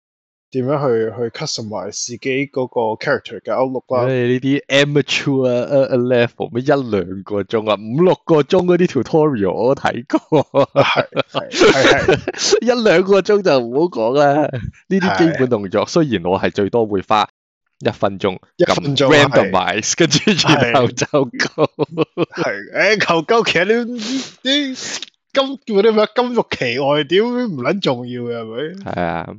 點樣去去 customize 自己嗰個 character 嘅歐陸啦、哎？誒，呢啲 amateur 啊、uh, uh,，level 咩一兩個鐘啊，五六個鐘嗰啲 tutorial 我都睇過，係係係一兩個鐘就唔好講啦。呢啲基本動作，是雖然我係最多會花一分鐘，一分鐘 randomize 跟住之後就夠。係誒、哎，求教其實你啲金啲咩金玉其外，屌唔撚重要嘅係咪？係啊。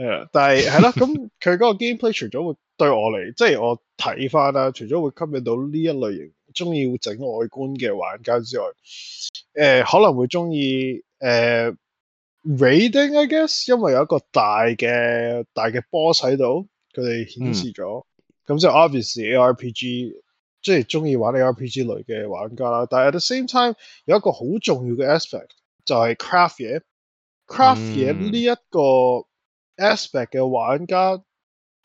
係 Yeah. <laughs> 但係係咯，咁佢嗰個 gameplay 除咗會對我嚟，即係我睇翻啦，除咗會吸引到呢一類型中意整外觀嘅玩家之外，誒可能會中意誒 reading，I guess，因為有一個大嘅大嘅 boss 喺度，佢哋顯示咗，咁即係、mm. obviously ARPG，即係中意玩 ARPG 類嘅玩家啦。但係 at the same time 有一個好重要嘅 aspect 就係 craft 嘢，craft 嘢呢一個。Aspect 嘅玩家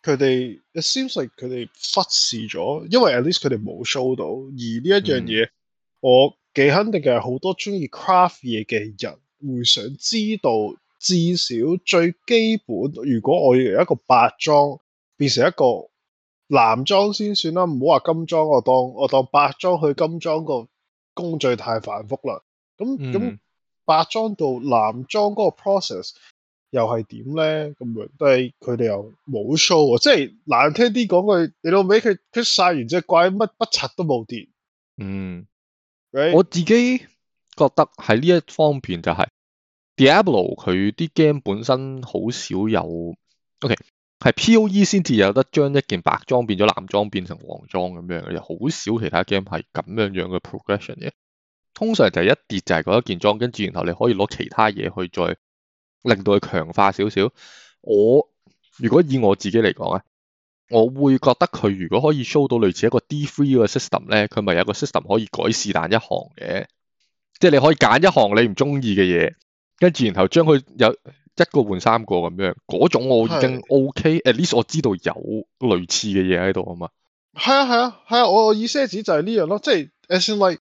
佢哋，it seems like 佢哋忽視咗，因為 at least 佢哋冇 show 到。而呢一樣嘢，嗯、我幾肯定嘅係好多中意 craft 嘢嘅人會想知道，至少最基本，如果我要一個白裝變成一個藍裝先算啦，唔好話金裝，我當我當白裝去金裝個工序太繁複啦。咁咁、嗯、白裝到藍裝嗰個 process。又係點咧？咁樣都係佢哋又冇 show，即係難聽啲講句，你老尾佢佢殺完隻怪，乜不拆都冇跌。嗯，Right? 我自己覺得喺呢一方面就係 Diablo 佢啲 game 本身好少有，OK 係 POE 先至有得將一件白裝變咗藍裝變成黃裝咁樣嘅，又好少其他 game 係咁樣樣嘅 progression 嘅。通常就係一跌就係嗰一件裝，跟住然後你可以攞其他嘢去再。令到佢強化少少。我如果以我自己嚟講咧，我會覺得佢如果可以 show 到類似一個 D3 嘅 system 咧，佢咪有個 system 可以改是但一行嘅，即係你可以揀一行你唔中意嘅嘢，跟住然後將佢有一個換三個咁樣，嗰種我已經 OK 的。at least 我知道有類似嘅嘢喺度啊嘛。係啊係啊係啊！我意思係指就係呢樣咯，即係，even like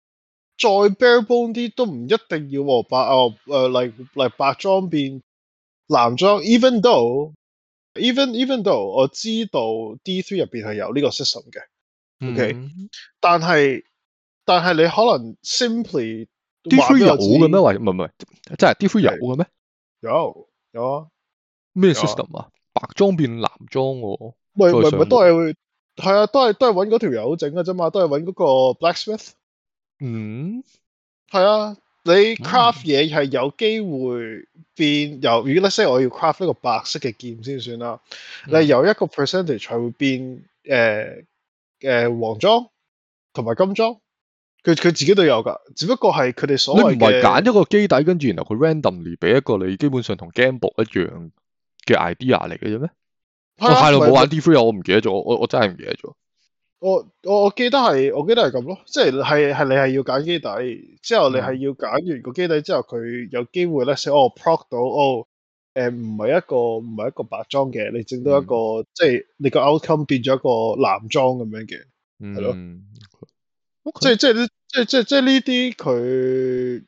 再 barebone 啲都唔一定要和白哦誒，嚟、uh, 嚟、like, like、白裝變。男裝，even though，even even though，我知道 D3 入邊係有呢個 system 嘅，OK，嗯，但係但係你可能 simply，D3 有嘅咩？或者唔係唔係即係 D3 有嘅咩？有啊有啊？咩 system 啊？白裝變男裝喎？唔唔唔，都係會係啊，都係都係揾嗰條友整嘅啫嘛，都係揾嗰個 blacksmith。嗯，係啊。你 craft 嘢係有機會變，由，例如咧，我要 craft 一個白色嘅劍先算啦。嗯、你有一個 percentage 會變，誒、呃、誒、呃、黃裝同埋金裝，佢佢自己都有㗎，只不過係佢哋所謂你唔係揀一個機底，跟住然後佢 randomly 俾一個你，基本上同 gamble 一樣嘅 idea 嚟嘅啫咩？係咯，冇玩 D3 啊，我唔記得咗，我我真係唔記得咗。我我我記得係，我記得係咁咯，即係係係你係要揀基底，之後你係要揀完個基底之後，佢有機會咧，即係、mm hmm. 哦、proc 到，我誒唔係一個唔係一個白裝嘅，你整到一個、mm hmm. 即係你個 outcome 變咗一個藍裝咁樣嘅，係咯，Okay. 即係即係呢即係即係即係呢啲佢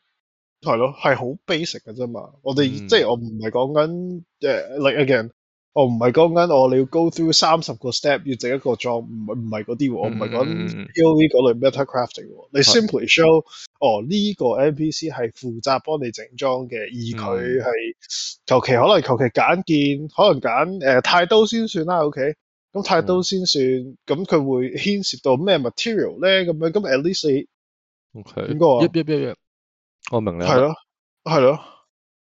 係咯係好 basic 嘅啫嘛，我哋、mm hmm. 即係我唔係講緊誒，like again。哦，唔係講緊我，你要 go through 三十個 step 要整一個裝，唔係唔係嗰啲，嗯、我唔係講 build 嗰類 meta crafting 你 show, 是。你 simply show，哦呢、這個 NPC 係負責幫你整裝嘅，而佢係求其可能求其揀件，可能揀誒太刀先算啦，OK。咁太刀先算，咁、okay? 佢、嗯、會牽涉到咩 material 咧？咁樣咁 at least 你，OK，點講啊？一一一，我明啦，係咯、啊，係咯、啊。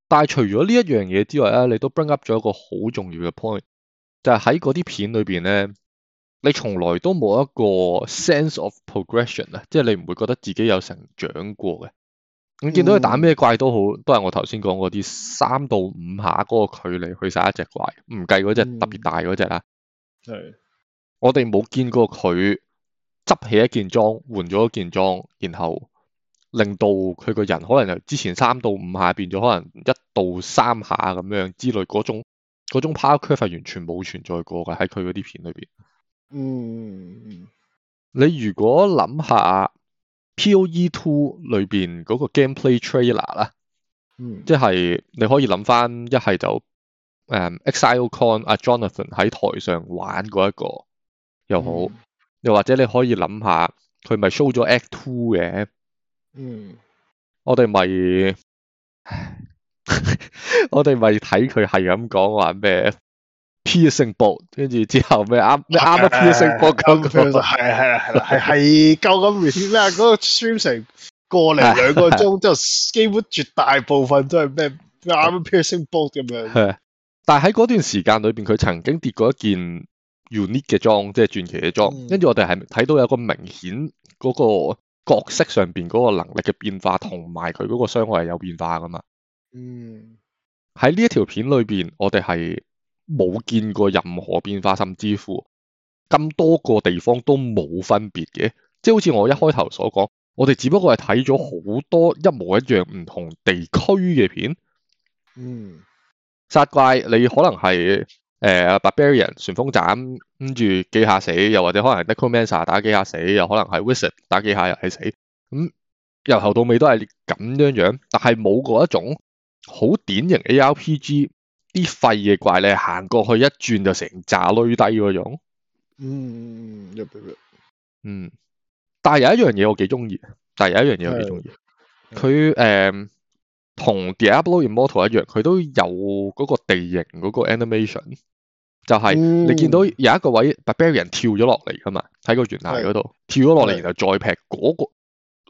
但係除咗呢一樣嘢之外咧，你都 bring up 咗一個好重要嘅 point，就係喺嗰啲片裏邊咧，你從來都冇一個 sense of progression 啊，即係你唔會覺得自己有成長過嘅。咁見到佢打咩怪都好，都係我頭先講嗰啲三到五下嗰個距離去殺一隻怪，唔計嗰隻特別大嗰隻啦。係的。我哋冇見過佢執起一件裝，換咗一件裝，然後。令到佢個人可能由之前三到五下變咗，可能一到三下咁樣之類嗰種嗰種 power curve 係完全冇存在過嘅。喺佢嗰啲片裏面，嗯，你如果諗下 PoE Two 裏邊嗰個 gameplay trailer 啦，嗯，即係你可以諗翻一係就、um, Exile Con 阿 Jonathan 喺台上玩嗰、那、一個又好，嗯、又或者你可以諗下佢咪 show 咗 Act Two 嘅？嗯，我哋咪我哋咪睇佢係咁講話咩 p e n g b o n t 跟住之後咩啱啱嘅 p e r c i n 布咁樣，係係係係係夠咁咩？嗰個 stream 成個嚟兩個鐘之後，基本絕大部分都係咩咩啱 p i e a r s o n 布咁樣。係，但係喺嗰段時間裏邊，佢曾經跌過一件 Unit 嘅裝，即係傳奇嘅裝，跟住我哋係睇到有個明顯嗰個。角色上邊嗰個能力嘅變化，同埋佢嗰個傷害係有變化噶嘛？嗯，喺呢一條片裏邊，我哋係冇見過任何變化，甚至乎咁多個地方都冇分別嘅，即係好似我一開頭所講，我哋只不過係睇咗好多一模一樣唔同地區嘅片。嗯，殺怪你可能係。誒、uh,，Barbarian 旋風斬，跟住幾下死，又或者可能係 Necromancer 打幾下死，又可能係 Wizard 打幾下又係死，咁、嗯、由頭到尾都係咁樣樣，但係冇嗰一種好典型 ARPG 啲廢嘅怪，你行過去一轉就成紮冧低嗰種。嗯。嗯，嗯但係有一樣嘢我幾中意，但係有一樣嘢我幾中意，佢誒的。同 Diablo Immortal 一樣，佢都有嗰個地形嗰個 animation，就係你見到有一個位 Barbarian 跳咗落嚟噶嘛，喺個懸崖嗰度的跳咗落嚟，然後再劈嗰、嗰個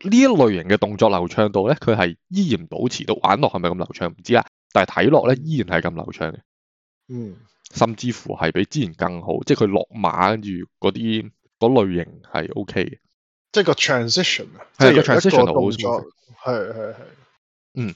呢的一類型嘅動作流暢度咧，佢係依然保持到，玩落係咪咁流暢唔知啊，但係睇落咧依然係咁流暢嘅。嗯，甚至乎係比之前更好，即係佢落馬跟住嗰啲嗰類型係 OK 嘅，即係個 transition 啊的，即係一個動作，係係係，嗯。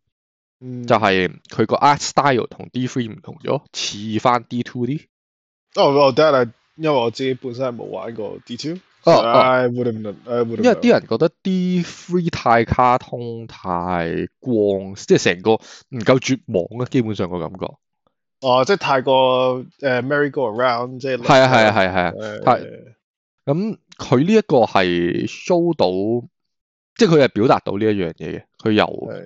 就係佢個 art style 同 D 不同 D three 唔同咗，似翻 D two 啲。啊，oh, well, 因為我自己本身係冇玩過 D two。哦哦，冇冇冇，誒冇。因為啲人覺得 D three 太卡通、太光，嗯、即係成個唔夠絕望嘅，基本上個感覺。哦，即係太過誒、uh，merry go around，即係、like, 啊。係啊係啊係啊係咁佢呢一個係 show 到，即係佢係表達到呢一樣嘢嘅，佢有。是啊。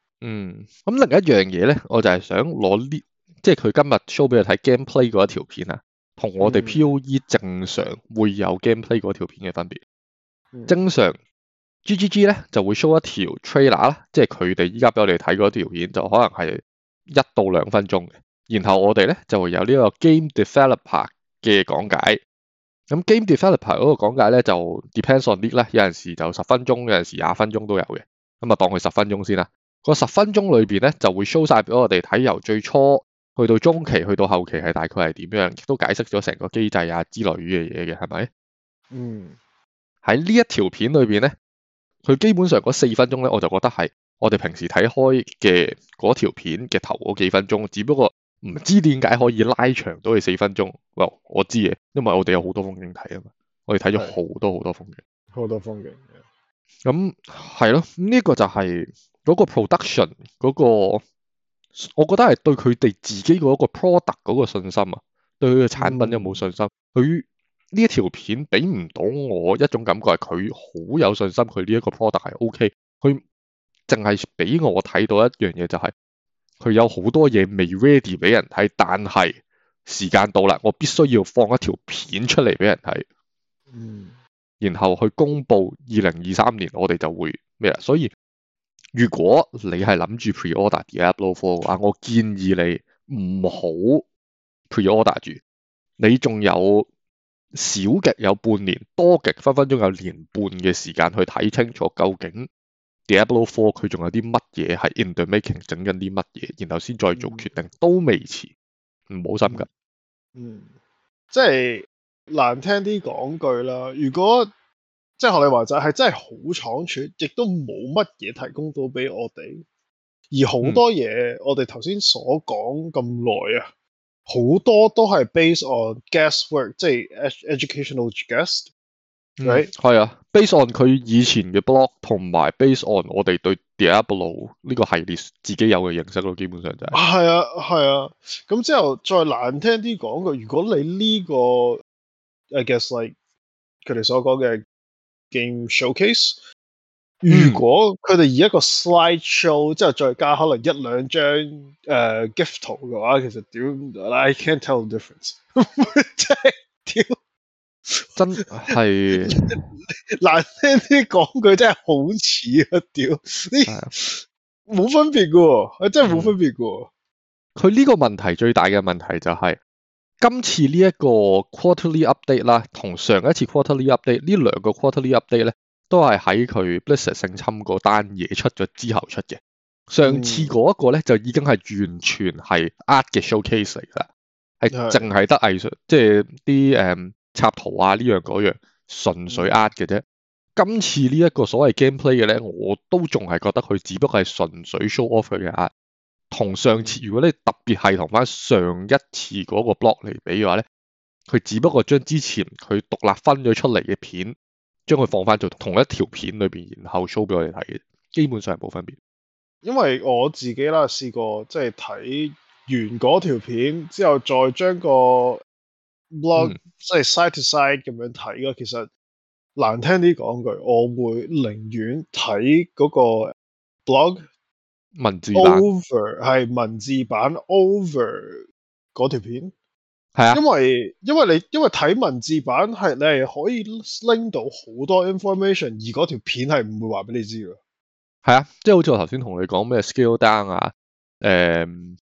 嗯，咁另一樣嘢咧，我就係想攞呢，即係佢今日 show 俾我睇 gameplay 嗰一條片啊，同我哋 P. O. E 正常會有 gameplay 嗰條片嘅分別。正常、GG、G. G. G 咧就會 show 一條 trailer 啦，即係佢哋依家俾我哋睇嗰條片就可能係一到兩分鐘嘅，然後我哋咧就會有呢個 game developer 嘅講解。咁 game developer 嗰個講解咧就 depends on 呢，有陣時就十分鐘，有陣時廿分鐘都有嘅，咁啊當佢十分鐘先啦。十分鐘裏邊咧，就會 show 晒俾我哋睇，由最初去到中期，去到後期係大概係點樣，亦都解釋咗成個機制啊之類嘅嘢嘅，係咪？嗯，喺呢一條片裏邊咧，佢基本上嗰四分鐘咧，我就覺得係我哋平時睇開嘅嗰條片嘅頭嗰幾分鐘，只不過唔知點解可以拉長到去四分鐘。喂，我知嘅，因為我哋有好多風景睇啊嘛，我哋睇咗好多好多風景，好多風景。咁係咯，呢個就係。嗰個 production 嗰個，我覺得係對佢哋自己嗰一個 product 嗰個信心啊，對佢嘅產品有冇信心？佢呢一條片俾唔到我一種感覺係佢好有信心，佢呢一個 product 係 OK，佢淨係俾我睇到一樣嘢就係、是，佢有好多嘢未 ready 俾人睇，但係時間到啦，我必須要放一條片出嚟俾人睇，嗯，然後去公布二零二三年我哋就會咩啦，所以。如果你係諗住 pre-order Diablo Four 嘅話，我建議你唔好 pre-order 住。你仲有少極有半年，多極分分鐘有年半嘅時間去睇清楚，究竟 Diablo Four 佢仲有啲乜嘢係 in the making，整緊啲乜嘢，然後先再做決定、嗯、都未遲，唔好心急。嗯，即係難聽啲講句啦，如果。即係學你話齋，係真係好倉促，亦都冇乜嘢提供到俾我哋。而好多嘢，嗯、我哋頭先所講咁耐啊，好多都係 base on guesswork，即係 educational guess，right？係啊，base on 佢以前嘅 blog 同埋 base on 我哋對 Diablo 呢個系列自己有嘅認識咯，基本上就係、是。係啊，係啊。咁之後再難聽啲講嘅，如果你呢、這個，I guess like 佢哋所講嘅。game showcase，如果佢哋以一個 slide show，之後再加可能一兩張誒 gift 圖嘅話，其實屌，I can't tell the difference，真係屌，真係難聽啲講句，真係好似啊屌，你冇分別嘅喎，真係冇分別嘅喎，佢呢個問題最大嘅問題就係。今次呢一個 quarterly update 啦，同上一次 quarterly update, quarterly update 呢兩個 quarterly update 咧，都係喺佢 Blizzard 性侵嗰單嘢出咗之後出嘅。上次嗰一個咧，就已經係完全係呃嘅 showcase 嚟噶啦，係淨係、嗯、得藝術，的即係啲、嗯、插圖啊呢樣嗰樣，純粹呃嘅啫。嗯、今次呢一個所謂 gameplay 嘅咧，我都仲係覺得佢只不過係純粹 show off 佢嘅呃。同上次，如果你特別係同翻上一次嗰個 blog 嚟比嘅話咧，佢只不過將之前佢獨立分咗出嚟嘅片，將佢放翻做同一條片裏邊，然後 show 俾我哋睇嘅，基本上係冇分別。因為我自己啦，試過即係睇完嗰條片之後，再將個 blog 即係 side to side 咁樣睇咯。其實難聽啲講句，我會寧願睇嗰個 blog。文字版係文字版 over 嗰條片係啊因，因為因為你因為睇文字版係你係可以拎到好多 information，而嗰條片係唔會話俾你知嘅。係啊，即係好似我頭先同你講咩 scale down 啊，誒、嗯，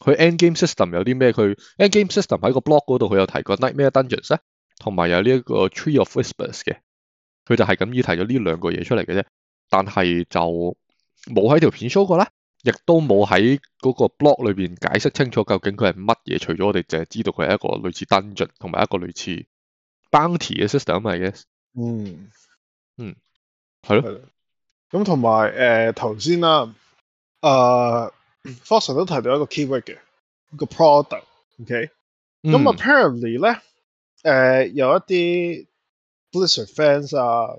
佢 end game system 有啲咩？佢 end game system 喺個 blog 嗰度佢有提過 night 咩 dungeons 咧，同埋有呢一個 tree of whispers 嘅，佢就係咁要提咗呢兩個嘢出嚟嘅啫，但係就。冇喺條片 show 過啦，亦都冇喺嗰個 blog 裏邊解釋清楚究竟佢係乜嘢，除咗我哋淨係知道佢係一個類似 dungeon 同埋一個類似 bounty 嘅 system 嚟嘅。嗯嗯，係咯、嗯，咁同埋誒頭先啦，誒 Foster 都提到一個 keyword 嘅個 product，ok，咁 apparently 咧、嗯，誒、呃、有一啲 Blizzard fans 啊，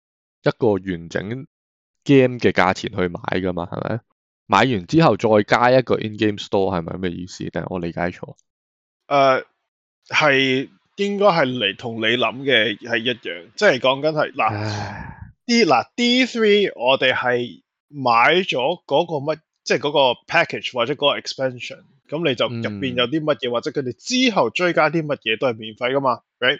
一個完整 game 嘅價錢去買噶嘛，係咪？買完之後再加一個 in-game store 係咪咩意思？定係我理解錯？誒、呃，係應該係嚟同你諗嘅係一樣，即係講緊係嗱 D 嗱 D3 我哋係買咗嗰、嗰個乜，即係嗰個 package 或者嗰個 expansion，咁你就入邊有啲乜嘢，嗯、或者佢哋之後追加啲乜嘢都係免費噶嘛，right？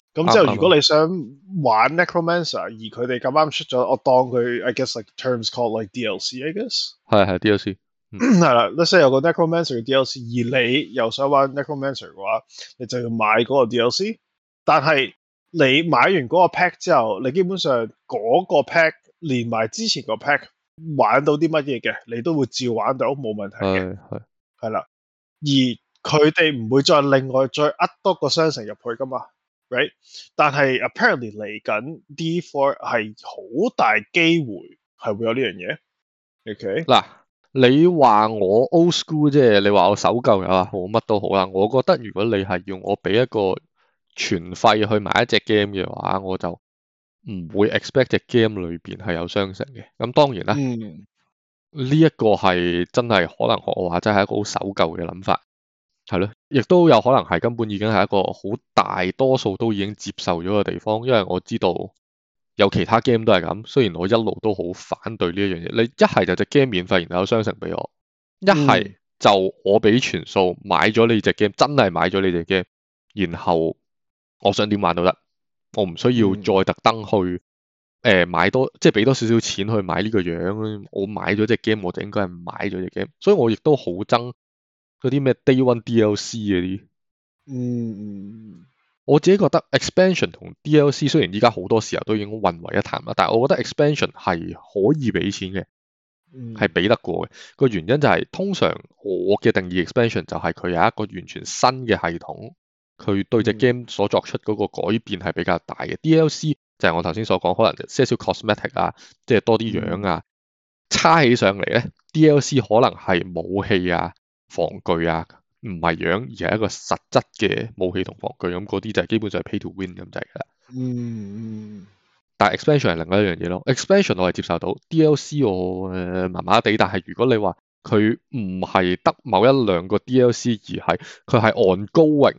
咁之後，如果你想玩 Necromancer，而佢哋咁啱出咗，我當佢 I guess like terms called like DLC，I guess 係係 DLC 係、嗯、啦。Let's say <laughs> 有個 Necromancer 嘅 DLC，而你又想玩 Necromancer 嘅話，你就要買嗰個 DLC。但係你買完嗰個 pack 之後，你基本上嗰個 pack 連埋之前個 pack 玩到啲乜嘢嘅，你都會照玩到冇問題嘅，係係啦。而佢哋唔會再另外再呃多個商城入去噶嘛。Right? 但係 apparently 嚟緊 D4 係好大機會係會有呢樣嘢。Okay，嗱，你話我 old school 即係你話我守舊啊，我乜都好啦。我覺得如果你係要我俾一個全費去買一隻 game 嘅話，我就唔會 expect 隻 game 裏邊係有商城嘅。咁當然啦，呢、嗯、一個係真係可能學我話真係一個好守舊嘅諗法。係咯，亦都有可能係根本已經係一個好大多數都已經接受咗嘅地方，因為我知道有其他 game 都係咁。雖然我一路都好反對呢一樣嘢，你一係就隻 game 免費，然後商城俾我；一係、嗯、就我俾全數買咗你隻 game，真係買咗你隻 game，然後我想點玩都得，我唔需要再特登去誒、呃、買多，即係俾多少少錢去買呢個樣。我買咗隻 game，我就應該係買咗隻 game，所以我亦都好憎。嗰啲咩 day one D L C 嗰啲，嗯，我自己覺得 expansion 同 D L C 雖然依家好多時候都已經混為一談啦，但係我覺得 expansion 係可以俾錢嘅，係俾得過嘅個原因就係、是、通常我嘅定義 expansion 就係佢有一個完全新嘅系統，佢對隻 game 所作出嗰個改變係比較大嘅。D L C 就係我頭先所講，可能些少 cosmetic 啊，即、就、係、是、多啲樣啊，差起上嚟咧，D L C 可能係武器啊。防具啊，唔係樣，而係一個實質嘅武器同防具，咁嗰啲就係基本上係 pay to win 咁就係㗎啦。嗯嗯，但係 expansion 係另外一樣嘢咯。嗯、expansion 我係接受到，嗯，DLC 我誒麻麻地，但係如果你話佢唔係得某一兩個 DLC 而係佢係 on-going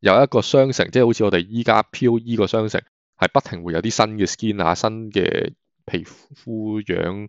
有一個商城，即係好似我哋依家 POE 個商城，係不停會有啲新嘅 skin 啊、新嘅皮膚樣，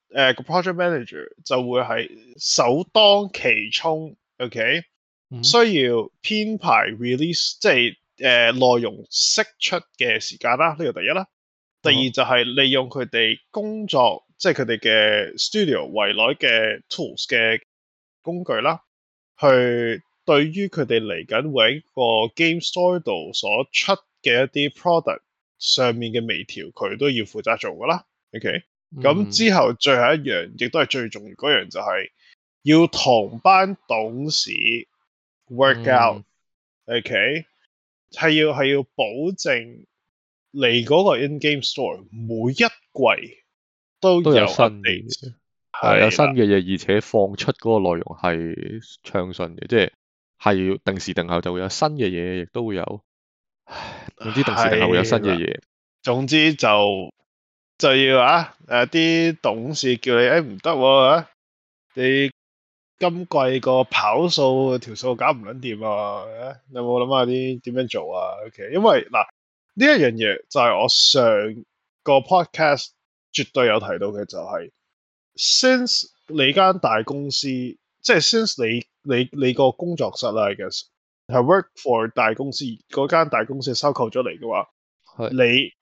Uh, project manager 就會係首當其衝，OK？Mm hmm. 需要編排 release，即係誒，uh, 內容釋出嘅時間啦，呢個第一啦。第二就係利用佢哋工作，mm hmm. 即係佢哋嘅 studio 內嘅 tools 嘅工具啦，去對於佢哋嚟緊喎一個 game studio 所出嘅一啲 product 上面嘅微調，佢都要負責做㗎啦，OK？咁之後最後一樣，亦、嗯、都係最重要嗰樣就係要同班董事 work out，OK，嗯 okay? 係要係要保證嚟嗰個 in game store 每一季都有新嘅嘢，係有新嘅嘢了，而且放出嗰個內容係暢順嘅，即係係要定時定候就會有新嘅嘢，亦都會有，總之定時定候會有新嘅嘢，總之就。就要啊！誒、啊、啲董事叫你誒，唔得喎，你今季個跑數條數搞唔撚掂啊！啊你有冇諗下啲點樣做啊？OK，因為嗱呢一樣嘢就係我上個 podcast 絕對有提到嘅，就係、是、since 你間大公司，即、就、係、是、since 你你你個工作室啦，I guess 係 work for 大公司嗰間大公司收購咗嚟嘅話，是你。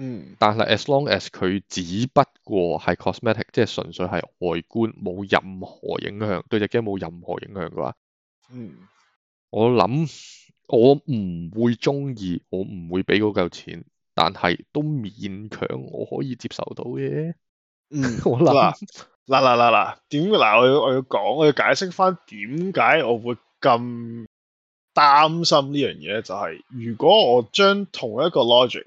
嗯，但係，as long as 佢只不過係 cosmetic，即係純粹係外觀，冇任何影響對隻 game 冇任何影響嘅話，嗯，我諗我唔會中意，我唔會俾嗰嚿錢，但係都勉強我可以接受到嘅。嗯，我諗嗱嗱嗱嗱，點解？我要我要講我要解釋翻點解我會咁擔心呢樣嘢就係、是、如果我將同一個 logic。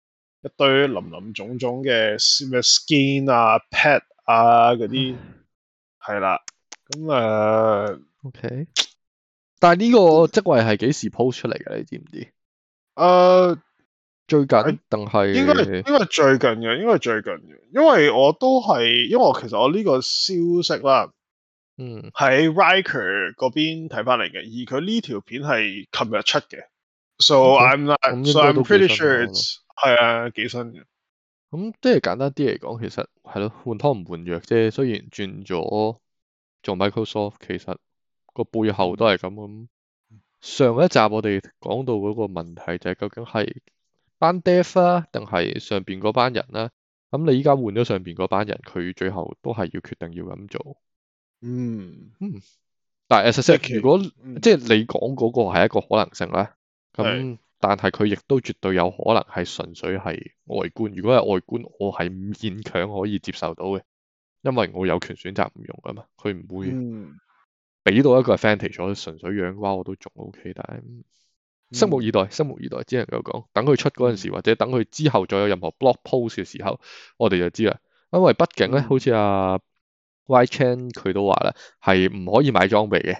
一堆林林種種嘅咩 skin 啊、pet 啊嗰啲係啦，咁誒，OK，但係呢個職位係幾時 post 出嚟嘅？你知唔知？誒，最近定係應該應該係最近嘅，應該係最近嘅，因為我都係，因為我其實我呢個消息啦，嗯，喺 Riker 嗰邊睇翻嚟嘅，而佢呢條片係琴日出嘅，so I'm not，so I'm pretty sure。係啊，幾新嘅。咁即係簡單啲嚟講，其實係咯，換湯唔換藥啫。雖然轉咗做 Microsoft，其實個背後都係咁咁。上一集我哋講到嗰個問題，就係究竟係班 dev 啦，定係上邊嗰班人呢，啊？咁你依家換咗上邊嗰班人，佢最後都係要決定要咁做。嗯嗯。但係，即係 okay, 如果即係、嗯、你講嗰個係一個可能性咧，咁。但係佢亦都絕對有可能係純粹係外觀。如果係外觀，我係勉強可以接受到嘅，因為我有權選擇唔用噶嘛。佢唔會俾到一個 advantage 我純粹養話我都仲 OK。但係拭目以待，拭目以待，只能夠講等佢出嗰陣時，或者等佢之後再有任何 blog post 嘅時候，我哋就知啦。因為畢竟咧，好似阿、啊、Y Chan 佢都話咧，係唔可以買裝備嘅。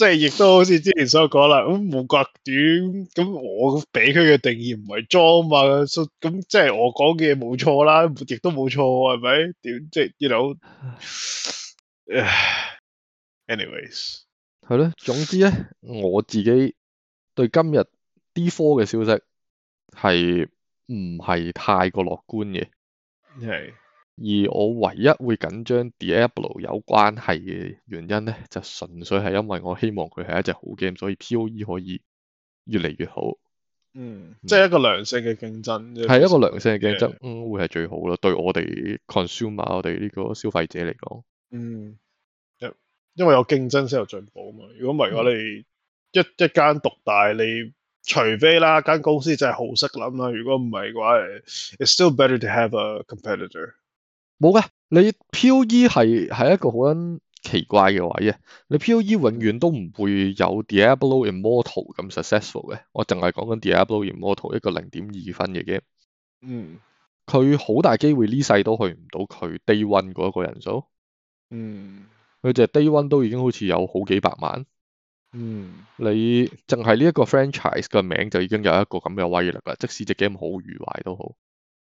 即係亦都好似之前所講啦，咁冇割短，咁我俾佢嘅定義唔係裝嘛，咁即係我講嘅嘢冇錯啦，亦都冇錯係咪？點即係 you know？anyways，係咯，總之咧，我自己對今日 D4 嘅消息係唔係太過樂觀嘅。係。而我唯一會緊張 Diablo 有關係嘅原因咧，就純粹係因為我希望佢係一隻好 game，所以 PoE 可以越嚟越好。嗯，嗯即係一個良性嘅競爭，係一個良性嘅競爭，嗯、會係最好咯。嗯、對我哋 consumer，我哋呢個消費者嚟講，嗯，因為有競爭先有進步啊嘛。如果唔係我哋一一間獨大，你除非啦間公司真係好識諗啦。如果唔係嘅話，it's still better to have a competitor。冇嘅，你 P.O.E 係係一個好緊奇怪嘅位啊！你 P.O.E 永遠都唔會有《Diablo Immortal》咁 successful 嘅。我淨係講緊《Diablo Immortal》一個零點二分嘅 game。嗯，佢好大機會呢世都去唔到佢 Day One 嗰一個人數。嗯，佢隻 Day One 都已經好似有好幾百萬。嗯，你淨係呢一個 franchise 嘅名就已經有一個咁嘅威力啦。即使隻 game 好與壞都好。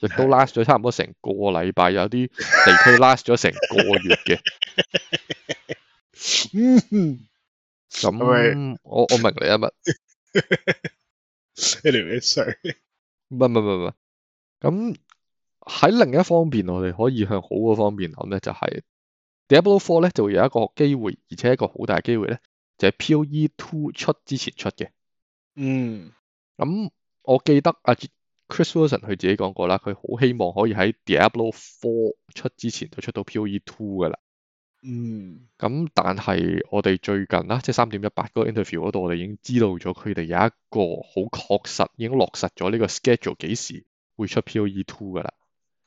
亦都 last 咗差唔多成個禮拜，有啲地區 last 咗成個月嘅、嗯。咁、嗯、我我明你乜？Anyway，唔唔唔唔，咁喺、啊嗯、另一方面，我哋可以向好嘅方面諗咧，就係 Diablo Four 咧，就會有一個機會，而且一個好大機會咧，就係、是、Poe Two 出之前出嘅。嗯，咁我記得阿 Chris Wilson 佢自己講過啦，佢好希望可以喺 Diablo 4出之前就出到 PoE 2噶啦。嗯。咁但係我哋最近啦，即係三點一八嗰個 interview 嗰度，我哋已經知道咗佢哋有一個好確實已經落實咗呢個 schedule 幾時會出 PoE 2噶啦。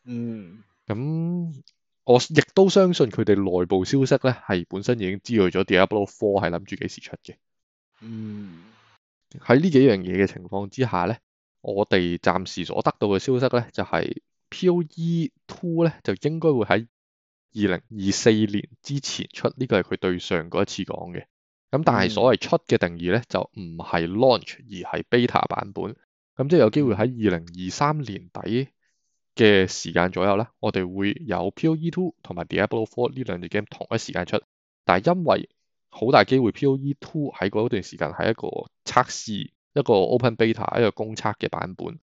嗯。咁我亦都相信佢哋內部消息咧，係本身已經知道咗 Diablo 4係諗住幾時出嘅。嗯。喺呢幾樣嘢嘅情況之下咧。我哋暫時所得到嘅消息咧，就係、是、Poe Two 咧就應該會喺二零二四年之前出，呢、這個係佢對上嗰一次講嘅。咁但係所謂出嘅定義咧，就唔係 launch 而係 beta 版本。咁即係有機會喺二零二三年底嘅時間左右咧，我哋會有 Poe Two 同埋 Diablo Four 呢兩隻 game 同一時間出。但係因為好大機會 Poe Two 喺嗰段時間係一個測試。一個 open beta，一個公測嘅版本，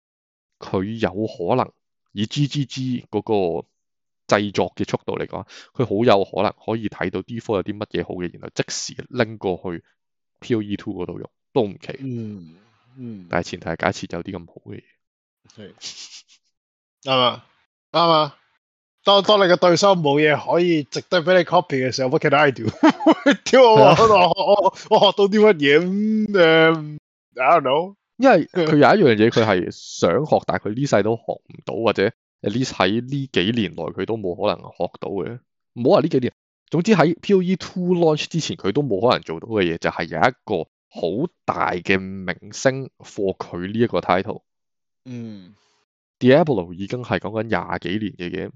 佢有可能以 G G G 嗰個製作嘅速度嚟講，佢好有可能可以睇到 D4 有啲乜嘢好嘅，然後即時拎過去 P O E Two 嗰度用都唔奇。嗯。嗯嗯，但係前提係假設有啲咁好嘅嘢，係啱啊啱啊！當當你嘅對手冇嘢可以值得俾你 copy 嘅時候 <laughs> ，what can I do？ <laughs> 我我，我，我，我學到啲乜嘢誒？嗯 um, No <laughs> 因為佢有一樣嘢，佢係想學，但係佢呢世都學唔到，或者 at least 喺呢幾年內佢都冇可能學到嘅。唔好話呢幾年，總之喺 P.O.E. Two Launch 之前佢都冇可能做到嘅嘢，就係、是、有一個好大嘅明星 for 佢呢一個 title。嗯、mm.，Diablo 已經係講緊廿幾年嘅嘢，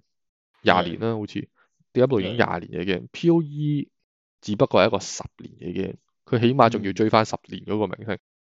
廿年啦，好似 Yeah. Diablo 已經廿年嘅嘢 P.O.E. 只不過係一個十年嘅嘢佢起碼仲要追翻十年嗰、mm. 個明星。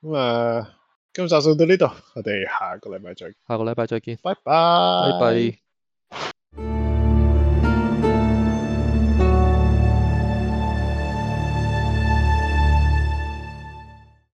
咁啊，今日就到呢度，我哋下個禮拜再見，下個禮拜再見，拜拜。Bye bye bye bye